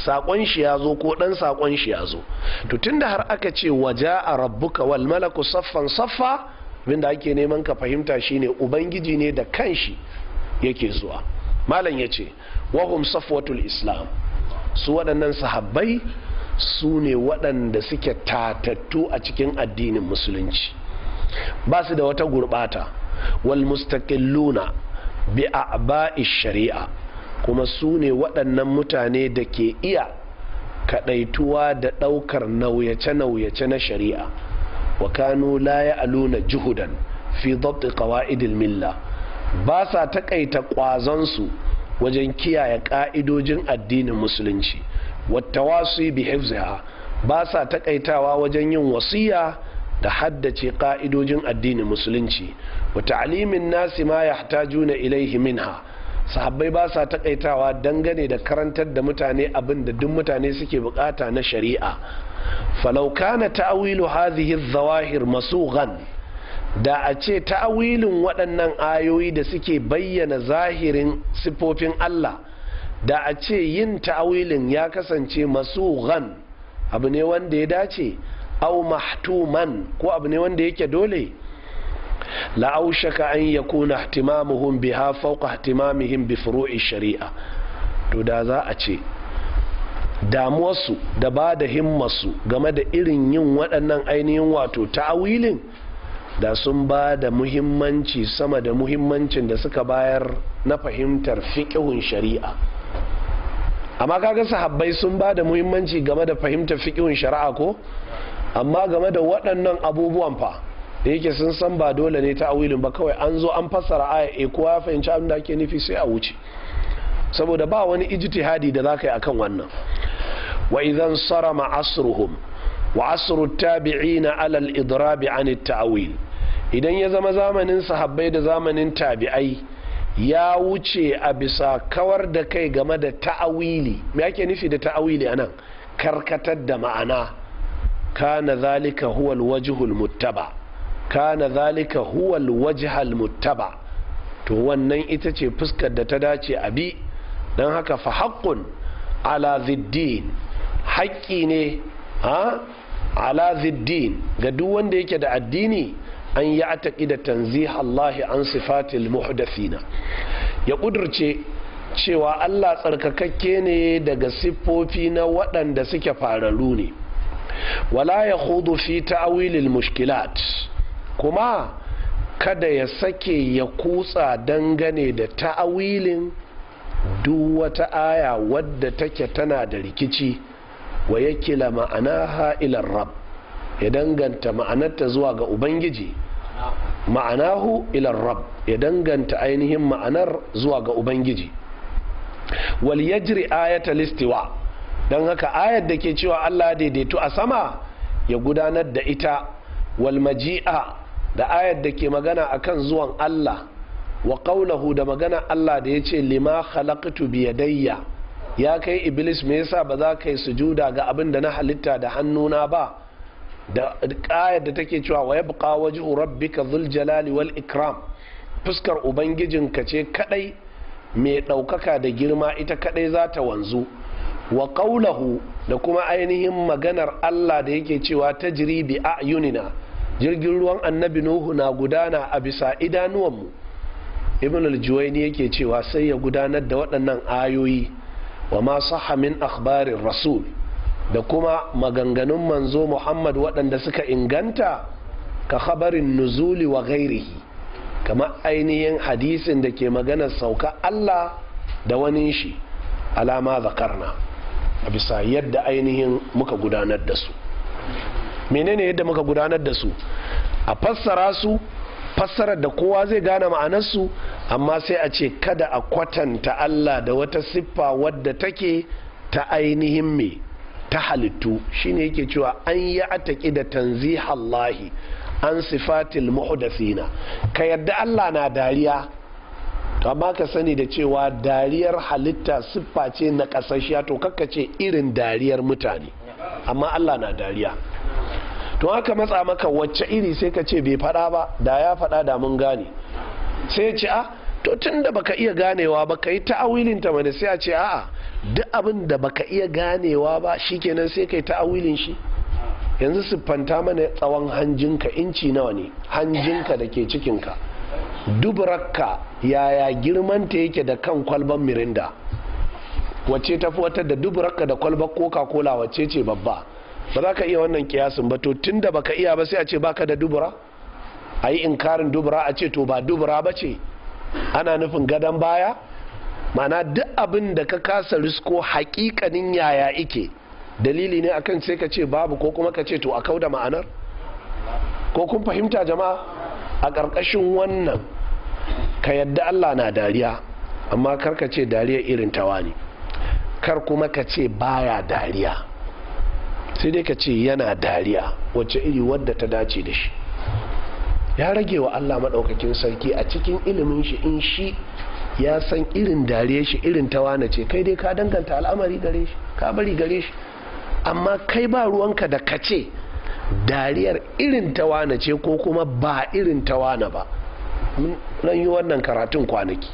saƙon shi ya zo ko ɗan saƙon shi ya zo to tunda har aka ce wa ja a rabbuka wal malaku saffan saffa abinda ake neman ka fahimta shine ubangiji ne da kanshi yake zuwa malam ya ce wahum safwatul islam su waɗannan sahabbai su ne waɗanda suke tatattu a cikin addinin musulunci ba su da wata gurɓata wal mustaqilluna bi a'ba'i shari'a kuma su ne waɗannan mutane da ke iya kaɗaituwa da ɗaukar nauyace-nauyace na shari'a wa kanu la ya'luna juhudan fi dhabt qawaidil milla ba sa takaita ƙwazonsu wajen kiyaye ƙa'idojin addinin musulunci wattawasi bi hifziha ba sa takaitawa wajen yin wasiya da haddace ka'idojin addinin musulunci wa alimin nasi ma yahtajuna ilaihi minha sahabbai ba sa takaitawa dangane da karantar da mutane abin da duk mutane suke bukata na shari'a falau kana ta'awilu hadhihi zawahir masughan da a ce ta'awilin waɗannan ayoyi da suke bayyana zahirin siffofin Allah da a ce yin ta'awilin ya kasance masu ghan abu ne wanda ya dace au mahtuman ko abu ne wanda yake dole la'aushaka an yakuna ihtimamuhum biha fawqa ihtimamihim bi furu'i shari'a to da za a ce damuwarsu da ba da su game da irin yin waɗannan ainihin wato ta'awilin da sun ba da muhimmanci sama da muhimmancin da suka bayar na fahimtar fiƙihun shari'a amma kaga sahabbai sun ba da muhimmanci game da fahimtar fiƙihun shari'a ko amma game da waɗannan abubuwan fa da yake sun san ba dole ne ta'awilin ba kawai an zo an fassara aya e kowa ya fahimci abin da ake nufi sai a wuce saboda ba wani ijtihadi da zaka yi akan wannan wa idan sarama asruhum wa asru tabi'ina ala al-idrabi an at-ta'wil idan ya zama zamanin sahabbai da zamanin tabi'ai ya wuce a bisa kawar da kai game da ta'awili me ake nufi da ta'awili a nan karkatar da ma'ana kana zalika huwal wajihul muttaba kana zalika huwal wajihal muttaba to wannan ita ce fuskar da ta dace a bi don haka fa haƙƙun ala ziddin haƙƙi ne ala ziddin ga duk wanda yake da addini an yi ataki da tanzih Allah an sifatil muhdathina ya kudurce cewa Allah tsarkakakke ne daga siffofi na waɗanda suke fararu ne wala ya hudu fi ta'awilil mushkilat kuma kada ya sake ya kutsa dangane da ta'awilin duk wata aya wadda take tana da rikici wa yakila ma'anaha ilar rab ya danganta ma'anarta zuwa ga ubangiji ma'anahu ila rab ya danganta ainihin ma'anar zuwa ga ubangiji wal yajri ayata listiwa don haka ayar da ke cewa Allah daidaitu a sama ya gudanar da ita wal maji'a da ayar da ke magana akan zuwan Allah wa qaulahu da magana Allah da ya ce lima khalaqtu biyadayya ya kai iblis me yasa ba za ka yi sujuda ga abin da na halitta da hannuna ba da ƙayar da take cewa wa yabqa wajhu rabbika dhul jalali wal ikram fuskar ubangijinka ce kadai mai ɗaukaka da girma ita kadai za ta wanzu wa qawlahu da kuma ainihin maganar Allah da yake cewa tajri bi ayunina jirgin ruwan annabi nuhu na gudana a bisa idanuwanmu ibn al yake cewa sai ya gudanar da waɗannan ayoyi wa ma sahha min akhbarir rasul da kuma maganganun manzo muhammad waɗanda suka inganta ka khabarin nuzuli wa gairihi kama ainihin hadisin da ke magana sauka allah da wani shi alama zakarna a bisa yadda ainihin muka gudanar da su menene yadda muka gudanar da su a fassara su fassarar da kowa zai gane ma'anarsu amma sai a ce kada a kwatanta allah da wata siffa wadda take ta ainihin me ta halittu shine yake cewa an yi ataki da tanzihallahi an sifatil muhdathina ka yadda Allah na dariya to amma ka sani da cewa dariyar halitta siffa ce na kasashiya to kakka ce irin dariyar mutane amma Allah na dariya to haka matsa maka wacce iri sai ka ce bai faɗa ba da ya faɗa da mun gane sai ya ce a ah, to tun da baka iya ganewa ba ka yi ta'awilin ta mana sai a ce a'a duk abin da baka iya ganewa ba shikenan sai kai ta'awilin shi yanzu siffanta mana tsawon hanjinka inci nawa ne hanjinka da ke cikinka Dubrakka yaya girman ta yake da kan kwalban mirinda wacce ta fi wata da duburakka da kwalban coca cola wacce ce babba ba za ka iya wannan kiyasin ba to tun da baka iya ba sai a ce baka da dubura a yi inkarin dubura a ce to ba dubura ba ce ana nufin gadon baya mana duk abin da ka kasa risko hakikanin yaya ike dalili ne akan sai ka ce babu ko kuma ka ce to a da ma'anar ko kun fahimta jama'a a ƙarƙashin wannan ka yadda allah na dariya amma kar ka ce dariya irin tawa ne kar kuma ka ce baya dariya sai dai ka ce yana dariya wacce iri wadda ta dace da shi ya rage wa allah maɗaukakin sarki a cikin ilimin shi in shi ya san irin dare shi irin tawana ce kai dai ka danganta al'amari gare shi ka bari gare shi amma kai ba ruwanka da kace dariyar irin tawana ce ko kuma ba irin tawana ba nan yi wannan karatun kwanaki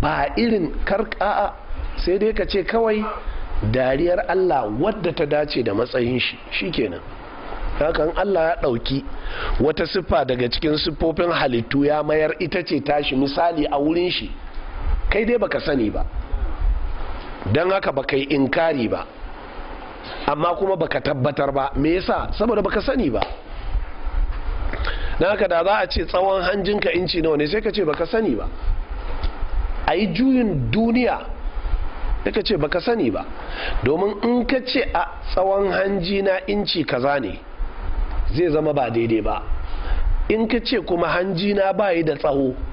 ba irin karka'a sai dai ka ce kawai dariyar Allah wadda ta dace da matsayin shi shi shikenan kan Allah ya ɗauki wata siffa daga cikin siffofin halittu ya mayar ita ce tashi misali a wurin shi kai dai baka sani ba don haka baka yi inkari ba amma kuma baka tabbatar ba me yasa saboda baka sani ba don haka da za a ce tsawon hanjinka inci nawa ne sai ka ce baka sani ba a yi juyin duniya sai ka ce baka sani ba domin in ka ce a tsawon hanji na inci kaza ne zai zama ba daidai ba in ka ce kuma hanji na bayi da tsawo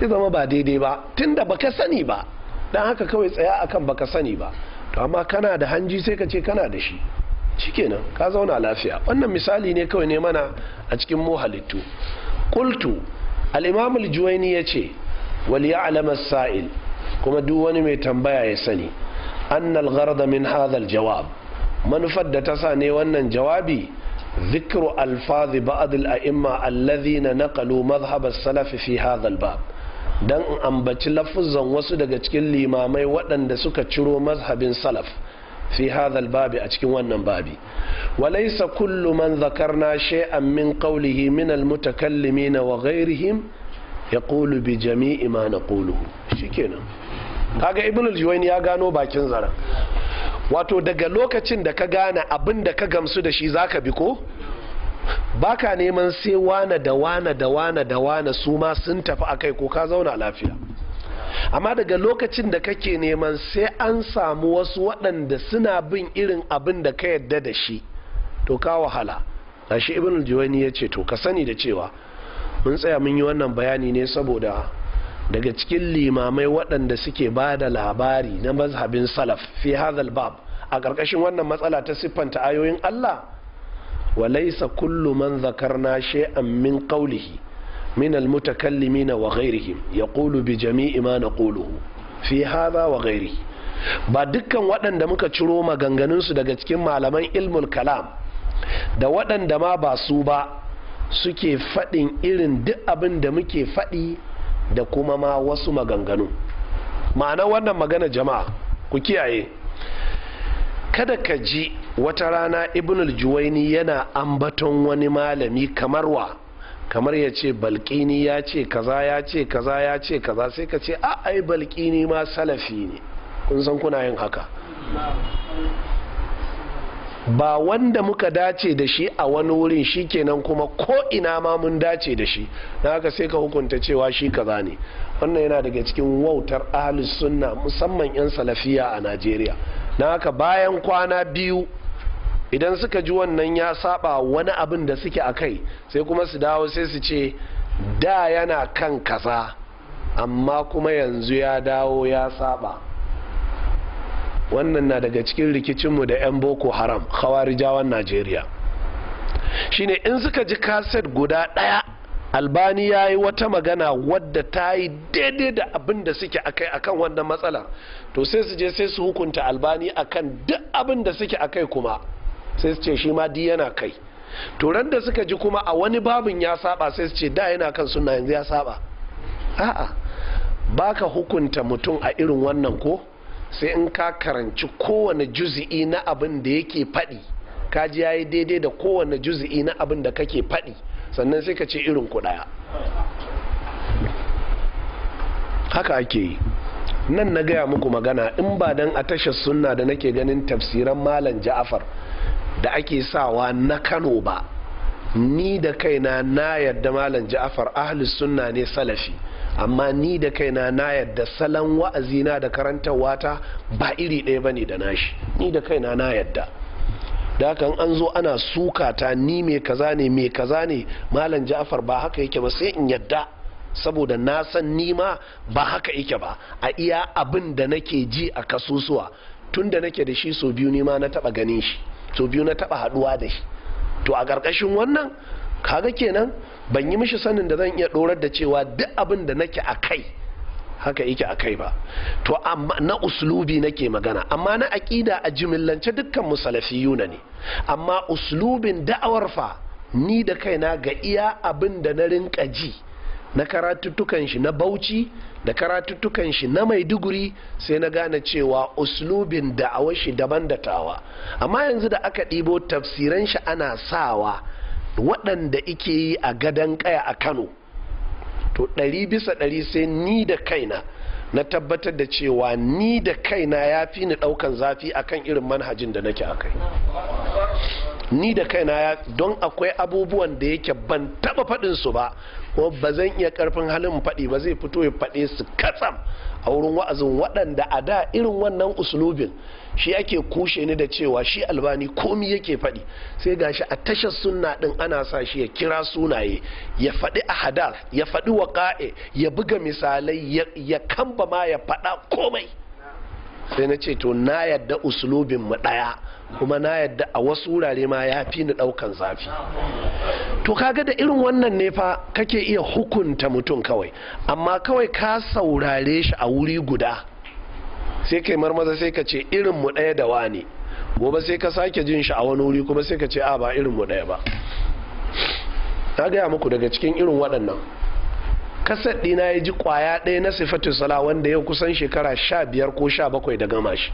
zai zama ba daidai ba da baka sani ba dan haka kawai tsaya akan baka sani ba to amma kana da hanji sai ka ce kana da shi shikenan ka zauna lafiya wannan misali ne kawai ne mana a cikin mu halittu qultu al-imam al-juwayni yace wal ya'lam as-sa'il kuma duk wani mai tambaya ya sani annal gharda min hadha al-jawab manufar da ta sa ne wannan jawabi ذكر ألفاظ بعض الأئمة الذين نقلوا مذهب السلف في هذا الباب don in ambaci lafuzan wasu daga cikin limamai waɗanda suka ciro mazhabin salaf fi hadhal babi a cikin wannan babi walaisa kullu man na shay'an min qawlihi min na wa ghayrihim yaqulu bi jami'i ma naquluhu shikenan kaga ibnu al ya gano bakin zara wato daga lokacin da ka gane abin da ka gamsu da shi zaka bi ko baka neman sai wana da wane da wane da wane su ma sun tafi akai ko ka zauna lafiya amma daga lokacin da kake neman sai an samu wasu waɗanda suna bin irin abin da ka yadda da shi to ka wahala shi ibn juwani ya ce to ka sani da cewa mun tsaya mun yi wannan bayani ne saboda daga cikin limamai waɗanda suke ba da labari na mazhabin salaf fi hadal bab a ƙarƙashin wannan matsala ta siffanta ayoyin allah wa كل من man شيئا من min من min وغيرهم يقول بجميع ما bi في ma وغيره ba dukkan waɗanda muka ciro maganganunsu daga cikin malaman ilmul kalam da waɗanda ma ba su ba suke faɗin irin duk abin da muke faɗi da kuma ma wasu maganganu ma'ana wannan magana jama'a ku kiyaye kada ka ji wata rana IbnulJuwaini juwaini yana ambaton wani malami kamar wa kamar ya ce balkini ya ce kaza ya ce kaza ya ce kaza sai ka ce a ai balkini ma salafi ne kun san kuna yin haka ba wanda muka dace da shi a wani wurin shi kenan kuma ko ina ma mun dace da shi na haka sai ka hukunta cewa shi kaza ne wannan yana daga cikin wautar ahalus sunna musamman 'yan salafiya a najeriya don haka bayan kwana biyu idan suka ji wannan ya saba wani abin da suke a kai sai kuma su dawo sai su ce da yana kan kasa amma kuma yanzu ya dawo ya saba wannan na daga cikin rikicinmu da 'yan boko haram khawarijawan najeriya shine in suka ji kaset guda daya albani ya yi wata magana wadda ta yi daidai da abin da suke akai akan wannan matsalar to sai su je sai su hukunta albani akan duk abin da suke a kai kuma sai su ce shi ma di yana kai to ran da suka ji kuma a wani babin ya saba sai su ce da yana kan suna yanzu ya saba a'a baka hukunta mutum a irin wannan ko sai in ka karanci kowane juzi'i na abin da yake faɗi ka ji ya yi daidai da kowane juzi'i na abin da kake faɗi sannan sai ka ce irin ku ɗaya haka ake yi nan na gaya muku magana in ba dan a tashar sunna da nake ganin tafsiran malam ja'afar da ake sawa na kano ba ni da kaina na yadda malam ja'afar ahli sunna ne salafi amma ni da kaina na yadda salon wa'azina da karantarwa ta ba iri ɗaya ne da nashi ni da kaina na yadda da kan an zo ana suka ta ni mai kaza ne mai kaza ne malam ja'afar ba haka yake ba sai in yadda saboda na san nima ba haka yake ba a iya abin da nake ji a kasusuwa tun da nake da shi so biyu nima na taba ganin shi so biyu na taba haduwa da shi to a ƙarƙashin wannan kaga kenan ban yi mishi sanin da zan iya dorar da cewa duk abin da nake a kai haka yake a kai ba to amma na uslubi nake magana amma na aƙida a jimillance dukkan musalafiyuna ne amma uslubin da'awar fa ni da kaina ga iya abin da na rinka ji na karatuttukan shi na bauchi da karatuttukan shi na maiduguri sai na gane cewa uslubin da a washi daban da tawa amma yanzu da aka ɗibo tafsiran shi ana sawa waɗanda ike yi a gadon ƙaya a kano to ɗari bisa ɗari sai ni da kaina na tabbatar da cewa ni da kaina ya fi ni ɗaukan zafi akan irin manhajin da nake akai ni da kaina don akwai abubuwan da yake ban taɓa faɗinsu ba ko ba zan iya karfin halin faɗi ba zai fito ya faɗe su katsam a wurin wa'azin waɗanda a da irin wannan usulubin shi ake kushe ni da cewa shi albani komi yake faɗi sai gashi a tashar sunna ɗin ana sa shi ya kira sunaye ya faɗi a hadar ya faɗi ƙa'e ya buga misalai ya kamba ma ya faɗa komai sai na ce to na yadda usulubin mu ɗaya kuma na yadda a wasu wurare ma ya fi ni ɗaukan zafi to kaga da irin wannan ne fa kake iya hukunta mutum kawai amma kawai ka saurare shi a wuri guda sai kai marmaza sai ka ce irin mu ɗaya da wani gobe sai ka sake jin shi a wani wuri kuma sai ka ce a ba irin mu ɗaya ba ta gaya muku daga cikin irin waɗannan kasar dina ya ji kwaya ɗaya na sifatu sala wanda ya kusan shekara sha biyar ko sha bakwai da gama shi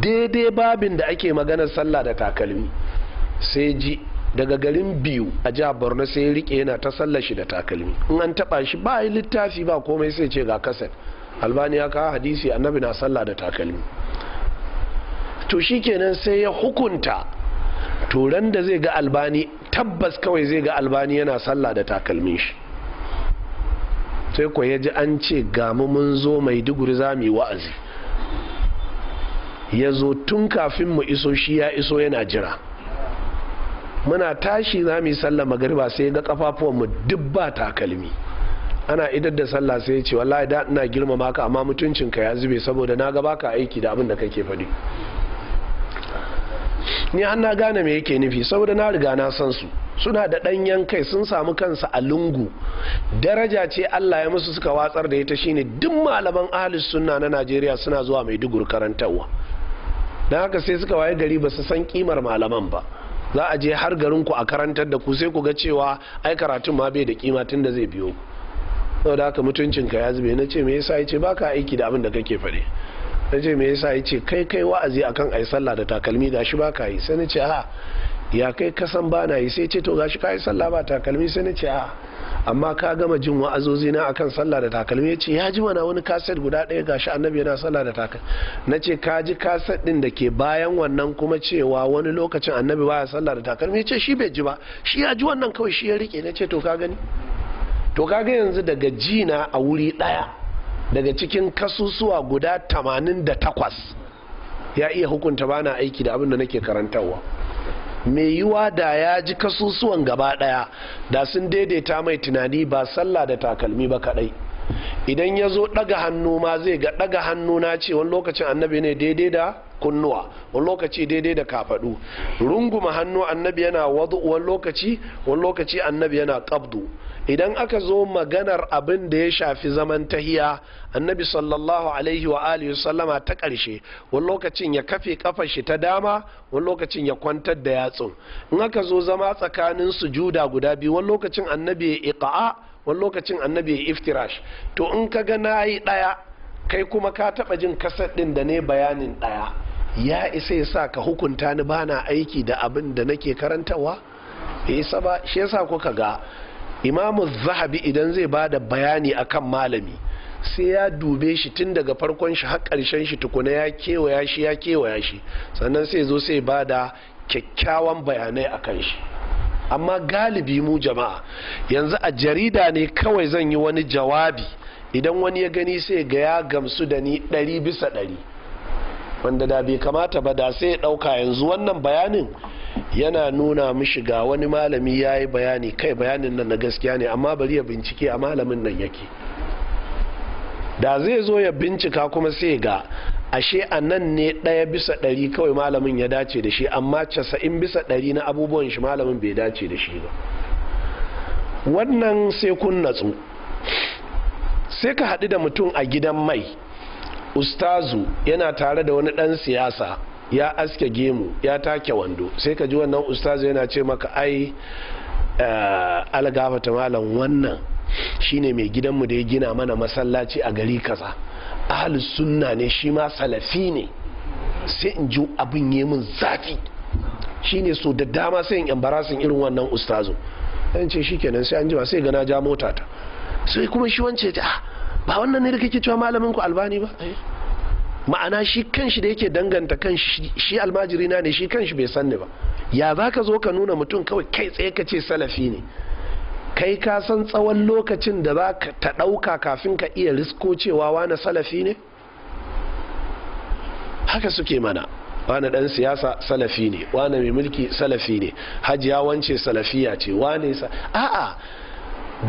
daidai babin da ake maganar sallah da takalmi sai ji daga garin biyu a jihar borno sai ya rike yana ta sallar shi da takalmi in an taba shi ba yi littafi ba komai sai ce ga kaset albani ya kawo hadisi annabi na sallah da takalmi to shikenan sai ya hukunta turan da zai ga albani tabbas kawai zai ga albani yana sallah da takalmin shi sai ko ya ji an ce gamu mun zo maiduguri za mu yi wa'azi ya zo tun kafin mu iso shi ya iso yana jira muna tashi za mu yi sallah magariba sai ga mu duk ba takalmi ana idar da sallah sai ya ce wallahi da ina girmama ka amma mutuncinka ya zube saboda na ga baka aiki da abin da kake faɗi ni an na gane me yake nufi saboda na riga na san su suna da ɗanyen kai sun samu kansa a lungu daraja ce Allah ya musu suka watsar da ita shine duk malaman ahlus sunna na Najeriya suna zuwa mai dugur karantarwa dan haka sai suka waye gari ba su san kimar malaman ba za a je har garin ku a karantar da ku sai ku ga cewa ai karatun ma bai da kima tun da zai biyo ku saboda haka mutuncinka ya zube na ce me yasa ya ce baka aiki da abin da kake faɗi na je me yasa ya ce kai kai wa'azi akan ai sallah da takalmi shi ba ka yi sai na ce ha ya kai kasan ba na yi sai ce to gashi ka yi sallah ba takalmi sai na ce ha amma ka gama jin wa'azozi na akan sallah da takalmi ya ce ya ji mana wani kaset guda ɗaya gashi annabi yana sallah da takalmi na ce ka ji kaset din da ke bayan wannan kuma cewa wani lokacin annabi baya sallah da takalmi ya ce shi bai ji ba shi ya ji wannan kawai shi ya rike na ce to ka gani to kaga yanzu daga jina a wuri ɗaya daga cikin kasusuwa guda 88 ya iya hukunta bana aiki da abin da nake karantarwa mai yiwa da ya ji kasusuwan gaba daya da sun daidaita mai tunani ba sallah da takalmi ba kadai idan ya zo ɗaga hannu ma zai ga ɗaga hannu na ce wani lokacin annabi ne daidai da kunnuwa wani lokaci daidai da kafadu runguma hannu annabi yana wadu wani lokaci wani lokaci annabi yana kabdu idan aka zo maganar abin da ya shafi zaman tahiya annabi sallallahu alaihi wa alihi sallama ta ƙarshe wani lokacin ya kafe kafar shi ta dama wani lokacin ya kwantar da yatsun in aka zo zama tsakanin sujuda guda biyu wani lokacin annabi ya iqa'a wani lokacin annabi ya iftirash to in ka ga nayi ɗaya kai kuma ka taɓa jin kasar ɗin da ne bayanin ɗaya ya isa ya sa ka hukunta ni bana aiki da abin da nake karantawa bai isa ba shi yasa kuka ga imamu zahabi idan zai ba da bayani akan malami sai ya dube shi tun daga farkon shi har karshen shi tukuna ya kewaya shi ya kewaya shi sannan sai zo sai ba da kyakkyawan bayanai akan shi amma galibi mu jama'a yanzu a jarida ne kawai zan yi wani jawabi idan wani ya gani sai ga ya gamsu da ni ɗari bisa ɗari wanda da bai kamata ba da sai ya ɗauka yanzu wannan bayanin yana nuna mishi ga wani malami ya yi bayani kai bayanin nan na gaskiya ne amma bari ya bincike a malamin nan yake da zai zo ya bincika kuma sai ga ashe a nan ne ɗaya bisa ɗari kawai malamin ya dace da shi amma casa'in bisa ɗari na abubuwan shi malamin bai dace da shi ba wannan sai kun natsu sai ka haɗu da mutum a gidan mai ustazu yana tare da wani ɗan siyasa ya aske gemu ya take wando sai ka ji wannan ustazu yana ce maka ai eh, algafata malam wannan shine mai gidanmu da ya gina mana masallaci a gari kaza ahlus sunna ne shi ma salafi ne sai in ji abin yi min zafi shine so da dama sai in sun irin wannan ustazu yan ce shikenan sai an sai gana ja mota ta sai kuma shi wance ta ah, ba wannan ne da kake cewa malamin ku albani ba ma'ana shi kanshi da yake danganta kan shi almajiri na ne shi kanshi bai sanni ba ya za ka zo ka nuna mutum kawai kai tsaye ka ce salafi ne kai ka san tsawon lokacin da za ta ɗauka kafin ka iya risko cewa wani salafi ne haka suke mana wani ɗan siyasa salafi ne wani mai mulki salafi ne hajiya wance salafiya ce wani sa a'a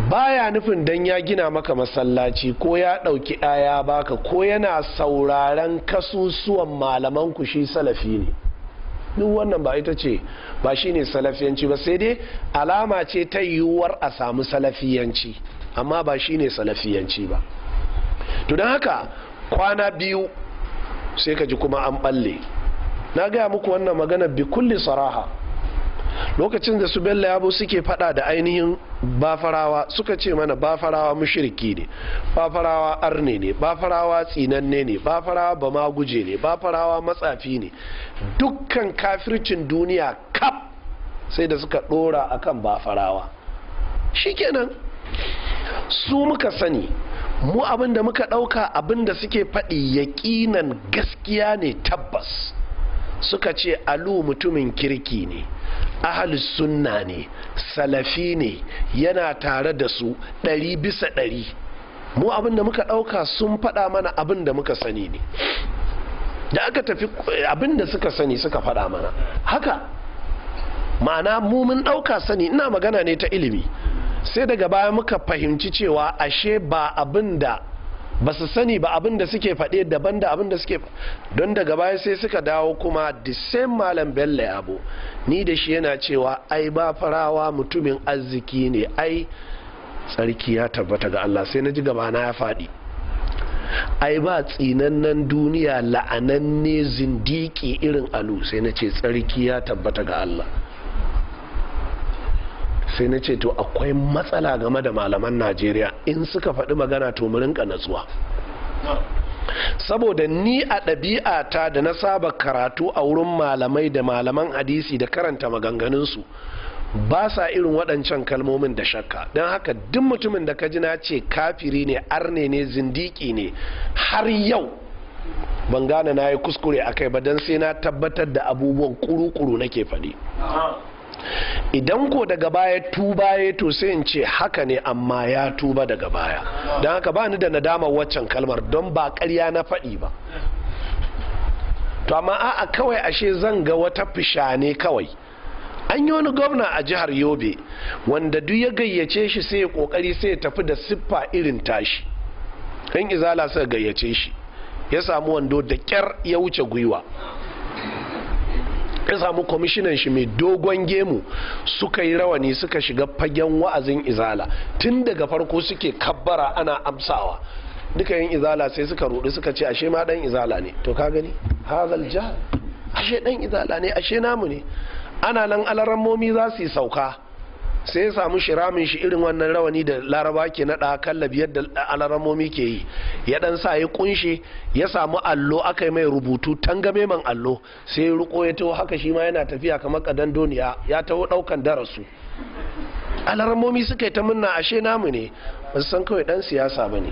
baya nufin dan ya gina maka masallaci ko ya ɗauki ɗaya baka ko yana sauraren kasusuwan malaman ku shi salafi ne duk wannan ba ita ce ba shi ne salafiyanci ba sai dai alama ce ta yiwuwar a samu salafiyanci amma ba shi ne salafiyanci ba to don haka kwana biyu sai ka ji kuma an balle na gaya muku wannan magana bi saraha lokacin da su bello yabo suke fada da ainihin bafarawa suka ce mana bafarawa mushiriki ne bafarawa arne ne bafarawa tsinanne ne bafarawa ba guje ne bafarawa matsafi ne dukkan kafircin duniya kaf sai da suka dora akan bafarawa Shi shikenan su muka sani mu abinda muka ɗauka abin da suke faɗi yaƙinan gaskiya ne tabbas suka ce alu mutumin kirki ne ahalus sunna ne salafi ne yana tare da su ɗari bisa ɗari mu abin da muka ɗauka sun faɗa mana abin da muka sani ne da aka tafi abin da suka sani suka faɗa mana haka ma'ana mu mun ɗauka sani ina magana ne ta ilimi sai daga baya muka fahimci cewa ashe ba abin da ba su sani ba abin da suke faɗe daban da abin da suke don daga baya sai suka dawo kuma the same malam bello abu ni da shi yana cewa ai ba farawa mutumin arziki ne ai tsarki ya tabbata ga Allah sai na ji gabana ya faɗi ai ba tsinannen duniya la'ananne zindiki irin alu sai na ce tsarki ya tabbata ga Allah sai na ce to akwai matsala game da malaman najeriya in suka faɗi magana to mu rinka natsuwa saboda ni a ɗabi'ata da na saba karatu a wurin malamai da malaman hadisi da karanta maganganunsu ba sa irin waɗancan kalmomin da shakka don haka duk mutumin da ka ji na ce kafiri ne arne ne zindiki ne har yau ban gane na yi kuskure a kai ba don sai na tabbatar da abubuwan kuru-kuru nake faɗi. idan ko daga baya tuba ya to sai in ce haka ne amma ya tuba daga baya don haka ba ni da nadama waccan kalmar don ba karya na faɗi ba to amma a'a kawai ashe zan ga wata ne kawai an yi wani gwamna a jihar yobe wanda duk ya gayyace shi sai ya kokari sai ya tafi da siffa irin tashi in izala suka gayyace shi ya samu wando da kyar ya wuce gwiwa ya samu kwamishinan shi mai dogon gemu suka yi rawani suka shiga fagen wa'azin izala tun daga farko suke kabbara ana amsawa duka yin izala sai suka rudu suka ce ashe ma dan izala ne to ka gani hazal jahal ashe dan izala ne ashe namu ne ana nan alarammomi za su yi sauka sai ya samu shiramin shi irin wannan rawani da laraba ke naɗa kallabi da alaramomi ke yi ya ɗan sa ya kunshi ya samu allo aka yi mai rubutu tangame man allo sai ya ruko ya taho haka shi ma yana tafiya kamar kadan doniya ya taho ɗaukan darasu alaramomi suka yi ta munna ashe namu ne ba san kawai ɗan siyasa ba ne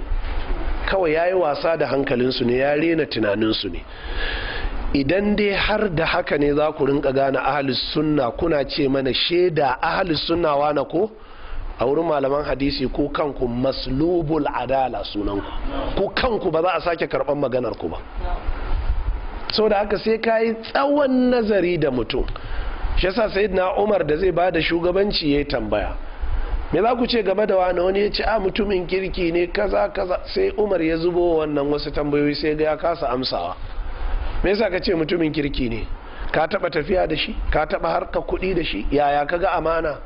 kawai ya yi wasa da hankalinsu ne ya rena tunaninsu ne idan dai har da haka ne za ku rinka gane ahalus sunna kuna ce mana shaida ahalus sunna wana ko a wurin malaman hadisi ko kanku maslubul adala sunanku ko kanku ba za a sake karban maganar ku ba so da haka sai ka yi tsawon nazari da mutum shi yasa na umar da zai ba da shugabanci ya yi tambaya me za ku ce game da wani wani ya ce a ah, mutumin kirki ne kaza kaza sai umar ya zubo wannan wasu tambayoyi sai ga ya kasa amsawa me yasa ka ce mutumin kirki ne ka taba tafiya da shi ka taba harka kuɗi da shi yaya ka ga amana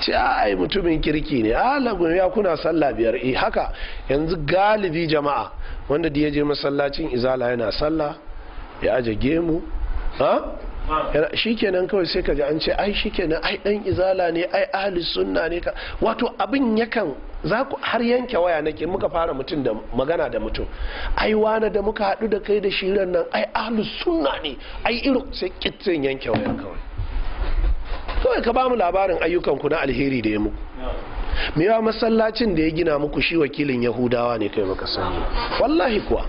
ce a ai mutumin kirki ne ah, a lagun ya kuna sallah biyar E haka yanzu galibi jama'a wanda da ya je masallacin izala yana sallah ya aje gemu ha shi kenan kawai sai ka ji an ce ai kenan ai dan izala ne ai ahli sunna ne ka wato abin yakan za ku har yanke waya nake muka fara mutum da magana da mutum ai wane da muka haɗu da kai da shirin nan ai ahli sunna ne ai iro sai kitsin yanke waya kawai kawai ka ba mu labarin ayyukan ku na alheri da ya muku me yawa masallacin da ya gina muku shi wakilin yahudawa ne kai muka sani wallahi kuwa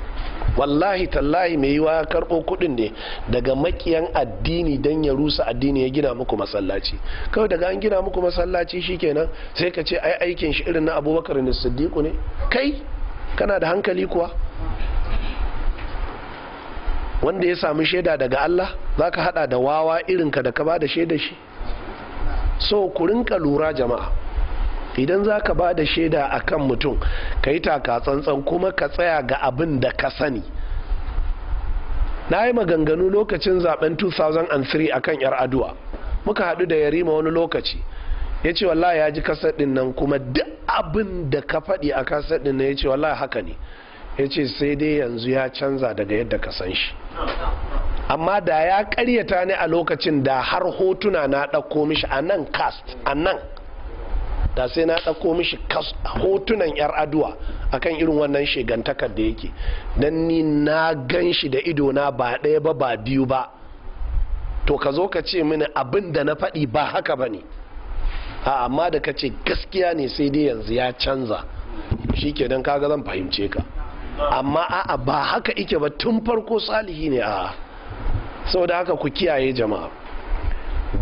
wallahi tallahi mai yiwa karɓo kuɗin ne daga makiyan addini don ya rusa addini ya gina muku masallaci kawai daga an gina muku masallaci shi shikenan sai ka ce ai aikin shi irin na abubakar ne siddiqu ne kai kana da hankali kuwa wanda ya samu shaida daga Allah za ka hada da wawa irinka da ka ba da shaida shi so ku rinka lura jama'a idan za ka ba da shaida a kan mutum ka yi taka tsantsan kuma ka tsaya ga abin da ka sani na yi maganganu lokacin zaben 2003 a kan yar aduwa muka haɗu da yarima wani lokaci ya ce wallahi ya ji kasadin nan kuma duk abin da ka faɗi a kasadin nan ya ce wallahi haka ne ya ce sai dai yanzu ya canza daga yadda ka san shi amma da ya karyata ni a lokacin da har hotuna na ɗauko mishi a nan cast a nan da sai na ɗauko mishi hotunan 'yar aduwa akan irin wannan shigantakar da yake don ni na gan shi da ido na ba ɗaya ba ba biyu ba to ka zo ka ce mini abin da na faɗi ba haka ba ne amma da ka ce gaskiya ne sai dai yanzu ya canza shi ke don kaga zan fahimce ka amma a'a ba haka ike ba tun farko salihi ne a saboda haka ku kiyaye jama'a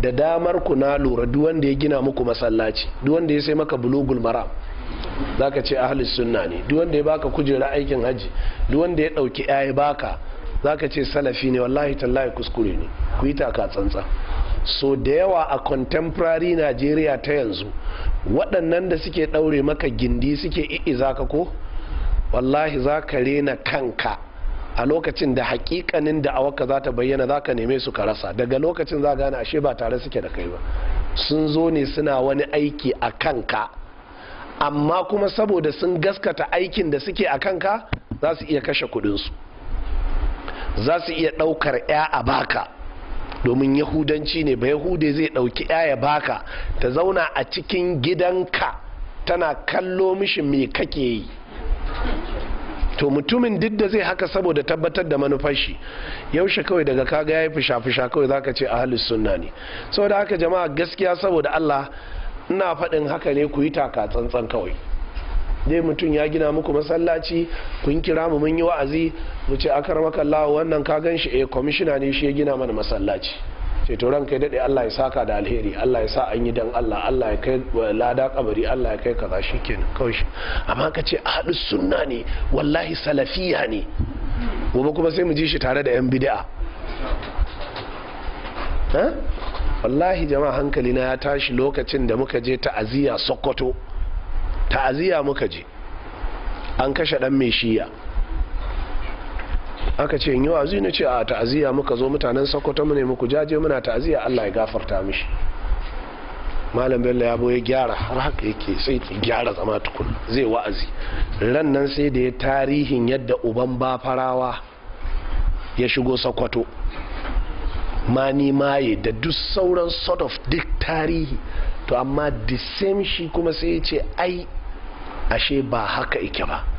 da damar ku na lura duk wanda ya gina muku masallaci duk wanda ya sai maka bulugul maram zaka ce ahlus sunna ne duk wanda ya baka kujera aikin haji duk wanda ya dauki yayi baka zaka ce salafi ne wallahi tallahi kuskure ne ku yi taka tsantsa so da yawa a contemporary Najeriya ta yanzu waɗannan da suke ɗaure maka gindi suke i'i zaka ko wallahi za ka rena kanka a lokacin da hakikanin da awaka za ta bayyana za ka neme su ka rasa daga lokacin za gane ashe ba tare suke da kai ba sun zo ne suna wani aiki a kanka amma kuma saboda sun gaskata aikin da suke a kanka za su iya kashe kudinsu za su iya ɗaukar 'ya a baka domin yahudanci ne ba yahude zai ɗauki 'ya ya baka ta zauna a cikin gidanka tana kallo mishi me kake yi to mutumin duk da zai haka saboda tabbatar da manufar shi yaushe kawai daga kaga ya yi fisha fisha kawai zaka ce a halin sunna ne da haka jama'a gaskiya saboda Allah ina faɗin haka ne ku yi taka tsantsan kawai dai mutum ya gina muku masallaci kun kira mu mun yi wa'azi mu ce akar makallawa wannan ka gan shi eh kwamishina ne shi ya gina mana masallaci ceto to ranka ya daɗe Allah ya saka da alheri Allah ya sa an yi dan Allah Allah ya kai lada kabari Allah ya kai kaza shikenan kawai amma ka ce ahlus sunna ne wallahi salafiya ne gobe kuma sai mu ji shi tare da yan bid'a wallahi jama'a hankali na ya tashi lokacin da muka je ta'aziyya Sokoto ta'aziyya muka je an kashe dan mai shiya aka ce in yi wa'azi na ce a ta'aziyya muka zo mutanen sokoto mu ne muku jaje muna ta'aziyya Allah ya gafarta mishi malam bello ya boye gyara har haka yake sai gyara zama tukun zai wa'azi ran nan sai da ya tarihin yadda uban ba farawa ya shigo sokoto mani maye da duk sauran sort of duk tarihi to amma the same shi kuma sai ya ce ai ashe ba haka ike ba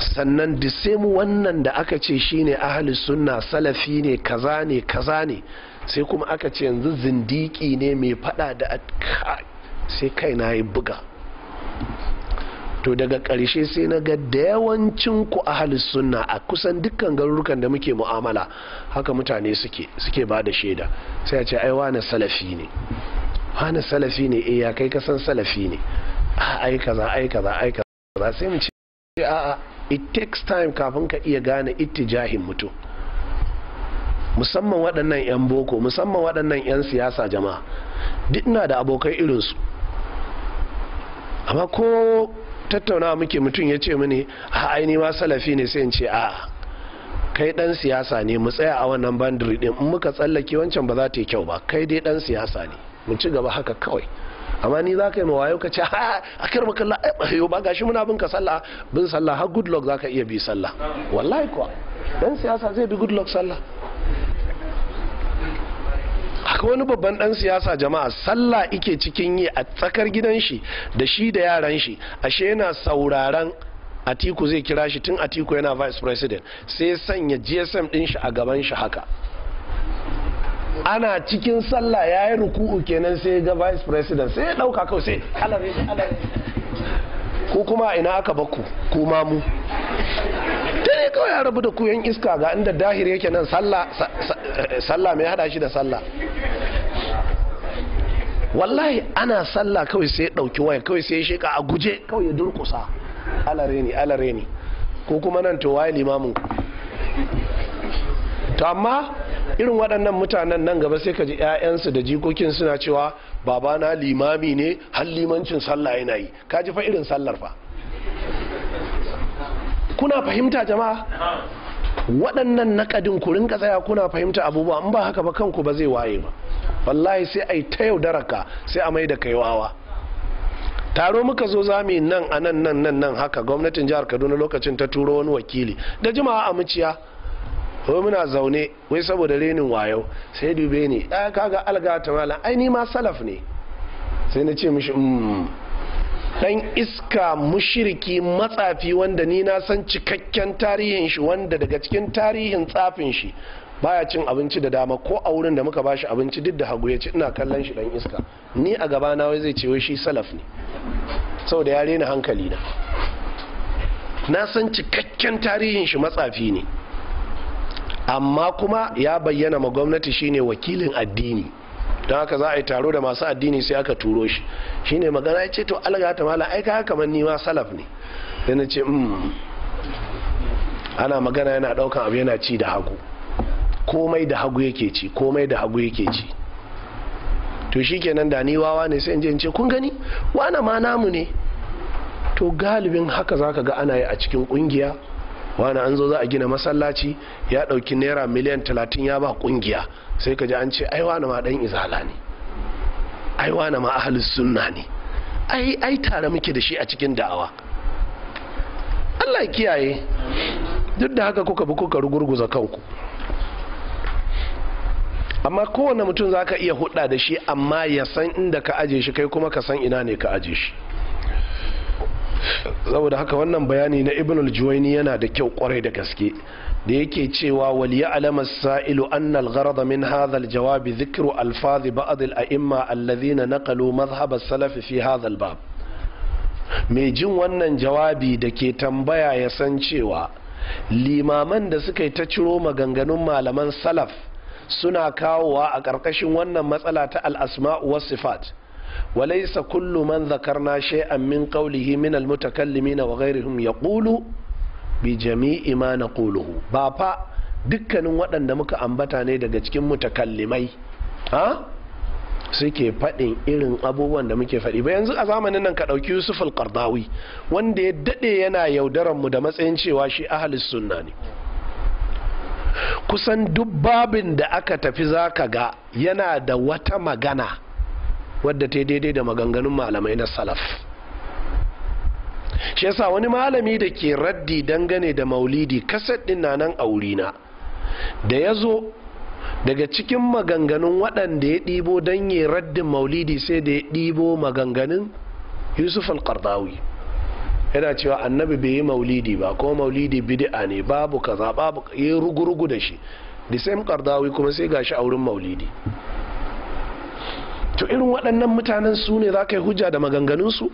sannan mu wannan da aka ce shine ahli sunna salafi ne kaza ne kaza ne sai kuma aka ce yanzu zindiki ne mai fada da sai kai na yi buga to daga ƙarshe sai na ga da yawancin ku ahli sunna a kusan dukkan garurukan da muke mu'amala haka mutane suke ba da shaida sai a ce ai wani salafi ne wani salafi ne eh ya kai kasan salafi ne ah, ai kaza ai kaza ai kaza sai mu ce a'a it takes time kafin ka iya gane ittijahin mutum musamman waɗannan 'yan boko musamman waɗannan 'yan siyasa jama'a duk na da abokai irinsu amma ko tattauna muke mutum ya ce mini a aini ma salafi ne sai in ce a kai ɗan siyasa ne mu tsaya a wannan bandiri ɗin muka tsallake wancan ba za ta yi kyau ba kai dai ɗan siyasa ne mu ci gaba haka kawai amma ni za ka yi mawayo ka ce a akar kalla, eh, yau ba gashi muna bin ka sallah bin sallah har good luck za ka iya bi sallah wallahi kuwa dan siyasa zai bi good luck sallah haka wani babban dan siyasa jama'a sallah ike cikin yi a tsakar gidan shi da shi da yaran shi ashe yana sauraren atiku zai kira shi tun atiku yana vice president sai sanya gsm din shi a gaban shi haka ana cikin sallah ya yi ruku'u kenan sai ga vice president sai ya ɗauka kawai sai alare ko kuma ina aka baku ko ma mu ta ne kawai ya rabu da kuyan iska ga inda dahir yake nan sallah eh, mai hada shi da sallah wallahi ana sallah kawai sai ya ɗauki waya kawai sai ya sheka a guje kawai ya durkusa alare ne alare ne ko kuma nan to waye limamin to amma irin waɗannan mutanen nan gaba sai ka ji 'ya'yansu da jikokin suna cewa babana limami ne har limancin sallah yana yi ka ji fa irin sallar fa kuna fahimta jama'a waɗannan nakadin ku rinka tsaya kuna fahimta abubuwa in ba haka ba kanku ba zai waye ba wallahi sai a yi ta yaudaraka sai a mai da kaiwawa taro muka zo zami nan a nan nan nan haka gwamnatin jihar kaduna lokacin ta turo wani wakili da jimawa a muciya wai muna zaune wai saboda renin wayo sai dube ni ɗaya ah, kaga alga ta malam ai ni ma salaf ne sai na ce mishi dan mm, iska mushiriki matsafi wanda ni na san cikakken tarihin shi wanda daga cikin tarihin tsafin shi baya cin abinci da dama ko a wurin da muka ba shi abinci duk da hagu ya ci ina kallon shi dan iska ni a gaba na wai zai ce wai shi salaf ne saboda ya rena hankali na na san cikakken tarihin shi matsafi ne amma kuma ya bayyana ma gwamnati shine wakilin addini don haka za a yi taro da masu addini sai aka turo shi shine magana ya ce to alga ta mala aika haka man nima salaf ne sai na ce mm. ana magana yana daukan abu yana ci da hagu komai da hagu yake ci komai da hagu yake ci to shikenan da ni wawa ne sai in in ce kun gani wana ma namu ne to galibin haka zaka ga ana yi a cikin kungiya wani an zo za a gina masallaci ya ɗauki naira miliyan talatin ya ba kungiya sai ka ji an ce ai wani ma ɗan izala ne ai wani ma ahalus sunna ne ai tare muke da shi a cikin da'awa Allah ya kiyaye duk da haka kuka bi kuka rugurguza kanku amma kowane mutum za ka iya hudda da shi amma ya san inda ka aje shi kai kuma ka san ina ne ka aje shi saboda haka wannan bayani na ibn al-juwaini yana da kyau kwarai da gaske da yake cewa wal ya'lam as-sa'ilu anna al-gharada min hadha al-jawab dhikru al-fadh ba'd al-a'imma alladhina naqalu madhhab as-salaf fi hadha al-bab mai jin wannan jawabi da ke tambaya ya san cewa limaman da suka yi ta ciro maganganun malaman salaf suna kawowa a ƙarƙashin wannan matsala ta al-asma' was sifat وليس كل من ذكرنا شيئا من قوله من المتكلمين وغيرهم يقول بجميع ما نقوله بابا dukkanin waɗanda muka ambata ne daga cikin mutakallimai suke faɗin irin abubuwan da muke faɗi ba yanzu a zamanin nan ka ɗauki yusuf al-qardawi wanda ya daɗe yana yaudaran mu da matsayin cewa shi ahalis sunna ne kusan duk babin da aka tafi za ka ga yana da wata magana wadda ta daidai da maganganun malamai na salaf shi yasa wani malami da ke raddi dangane da maulidi kaset din na nan aurina da ya zo daga cikin maganganun waɗanda ya ɗibo don yi raddin maulidi sai da ya ɗibo maganganun yusuf al yana cewa annabi bai yi maulidi ba ko maulidi bidi'a ne babu kaza babu ya rugurugu da shi da same kuma sai gashi a wurin maulidi to irin waɗannan mutanen su ne za ka yi hujja da maganganunsu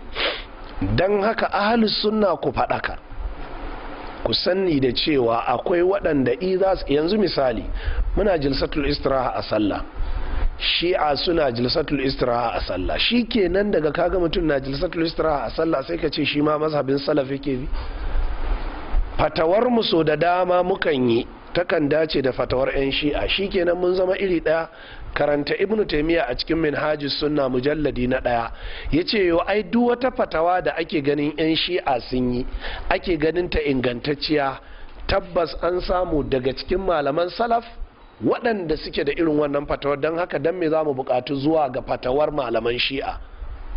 don haka ahalus sunna ku faɗaka ku sanni da cewa akwai waɗanda yanzu misali muna jilsatul istiraha a sallah shi'a suna jilsatul istiraha a sallah shi kenan daga kaga mutum na jilsatul istiraha a sallah sai ka ce shi ma mazhabin salaf yake bi fatawar mu so da dama mukan yi takan dace da fatawar 'yan shi'a shi kenan mun zama iri ɗaya karanta ibn taimiyya a cikin minhaji sunna mujalladi na ɗaya ya ce yo ai duk wata fatawa da ake ganin 'yan shi'a sun yi ake ganin ta ingantacciya tabbas an samu daga cikin malaman salaf waɗanda suke da irin wannan fatawar don haka don me za mu buƙatu zuwa ga fatawar malaman shi'a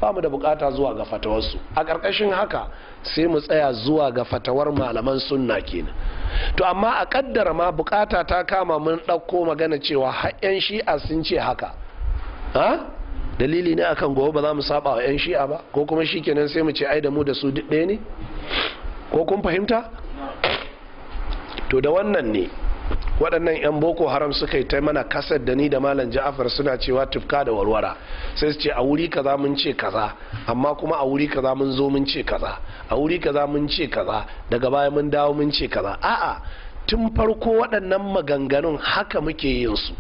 ba mu da buƙata zuwa ga fatawarsu a ƙarƙashin haka sai mu tsaya zuwa ga fatawar malaman sunna kenan to amma a kaddara ma bukata ta kama mun ɗauko magana cewa yan shi'a sun ce haka ha dalili ne akan gobe ba za mu saba wa yan shi'a ba ko kuma shi kenan sai mu ce ai da mu da su duk ɗaya ne ko kun fahimta to da wannan ne waɗannan 'yan boko haram suka yi ta mana kasar da ni da malam ja'afar suna cewa tufka da warwara sai su ce a wuri kaza mun ce kaza amma kuma a wuri kaza mun zo mun ce kaza a wuri kaza mun ce kaza daga baya mun dawo mun ce kaza a'a tun farko waɗannan maganganun haka muke yin su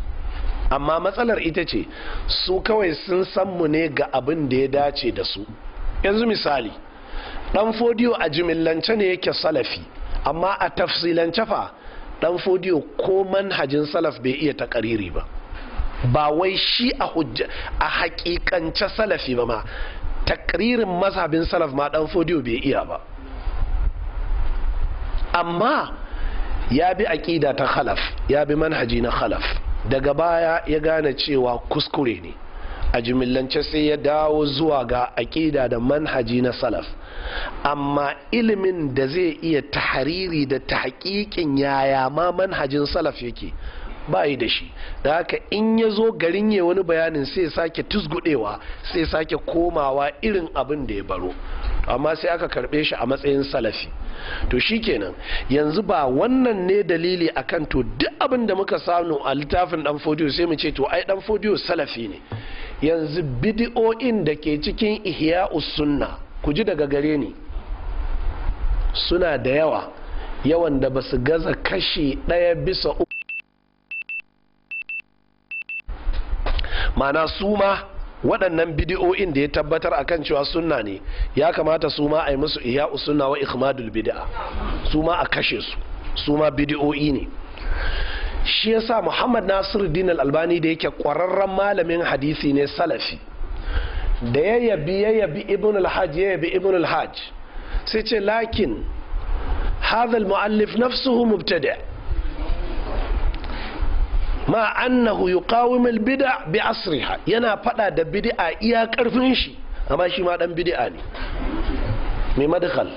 amma matsalar ita ce su kawai sun san mu ne ga abin da ya dace da su yanzu misali ɗan fodiyo a jimillance ne yake salafi amma a tafsilance fa dan fodiyo ko manhajin salaf bai iya takariri ba ba wai shi a hujja a hakikance salafi ba ma takririn mazhabin salaf ma dan fodiyo bai iya ba amma ya bi aƙida ta khalaf ya bi manhaji na khalaf daga baya ya gane cewa kuskure ne a jimillance sai ya dawo zuwa ga aƙida da manhaji na salaf amma ilimin da zai iya tahariri da tahqiqin yaya ma manhajin salaf yake ba yi da shi da haka in ya zo garin ya wani bayanin sai sake tusgudewa sai sake komawa irin abin da ya baro amma sai aka karbe shi a matsayin salafi to shi shikenan yanzu ba wannan ne dalili akan to duk abin da muka samu a littafin dan fodiyo sai mu ce to ai dan fodiyo salafi ne yanzu bidi'o'in da ke cikin ihya'us sunna ku ji daga gare ni suna da yawa yawan da ba su gaza kashi ɗaya bisa uku mana su ma waɗannan bidiyo'in da ya tabbatar a kan cewa sunna ne ya kamata su ma a yi musu iya sunna wa ikhmadul bid'a su ma a kashe su su ma bidiyo'i ne shi yasa muhammad nasiru al-albani da yake ƙwararren malamin hadisi ne salafi da ya yabi ya yabi ibn al-hajj ya yabi ibn al-hajj sai ce lakin hadha muallif nafsuhu mubtada ma annahu yuqawim al-bid'a bi asriha yana fada da bid'a iya karfin shi amma shi ma dan bid'a ne mai madkhal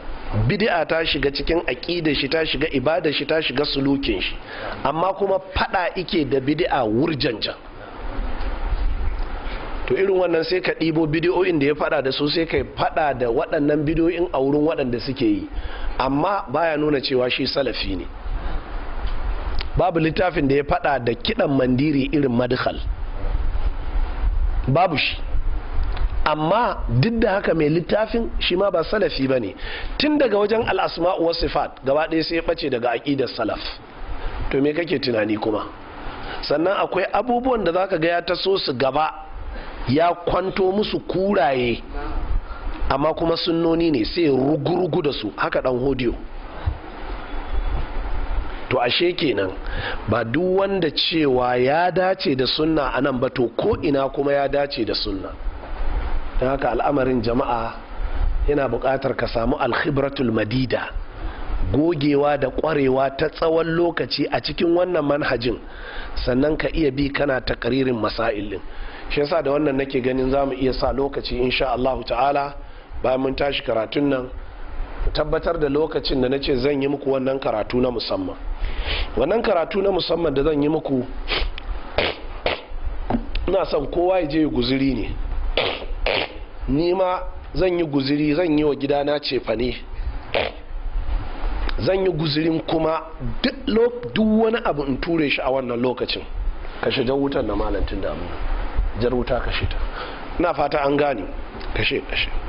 bid'a ta shiga cikin aqidar shi ta shiga ibada shi ta shiga sulukin shi amma kuma fada ike da bid'a wurjanjan to irin wannan sai ka ɗibo bidiyoyin da ya fada da su sai ka fada da waɗannan bidiyoyin a wurin waɗanda suke yi amma baya nuna cewa shi salafi ne babu littafin da ya faɗa da kiɗan mandiri irin madkhal babu shi amma duk da haka mai littafin shi ma ba salafi ba ne tun daga wajen Asma'u wasu sifat gaba ɗaya sai ya ɓace daga aƙidar salaf to me kake tunani kuma sannan akwai abubuwan da za ka ga ya taso su gaba ya kwanto musu kuraye amma kuma sunnoni ne sai rugurugu da su haka dan hodiyo to ashe kenan ba duk wanda cewa ya dace da sunna a nan ba to ko ina kuma ya dace da sunna Ta haka al'amarin jama'a yana buƙatar ka samu alkhibratul madida gogewa da ƙwarewa ta tsawon lokaci a cikin wannan manhajin sannan ka iya bi kana takaririn masailin shi yasa da wannan nake ganin za mu iya sa lokaci insha Allahu ta'ala bayan mun tashi karatun nan tabbatar da lokacin da na ce zan yi muku wannan karatu na musamman wannan karatu na musamman da zan yi muku ina son kowa ya je guziri ne ni ma zan yi guziri zan yi wa gidana cefane zan yi guzirin kuma duk wani abu in ture shi a wannan lokacin kashe jan wutan na malantin damu. jar wuta kashe ta ina fata an gane kashe kashe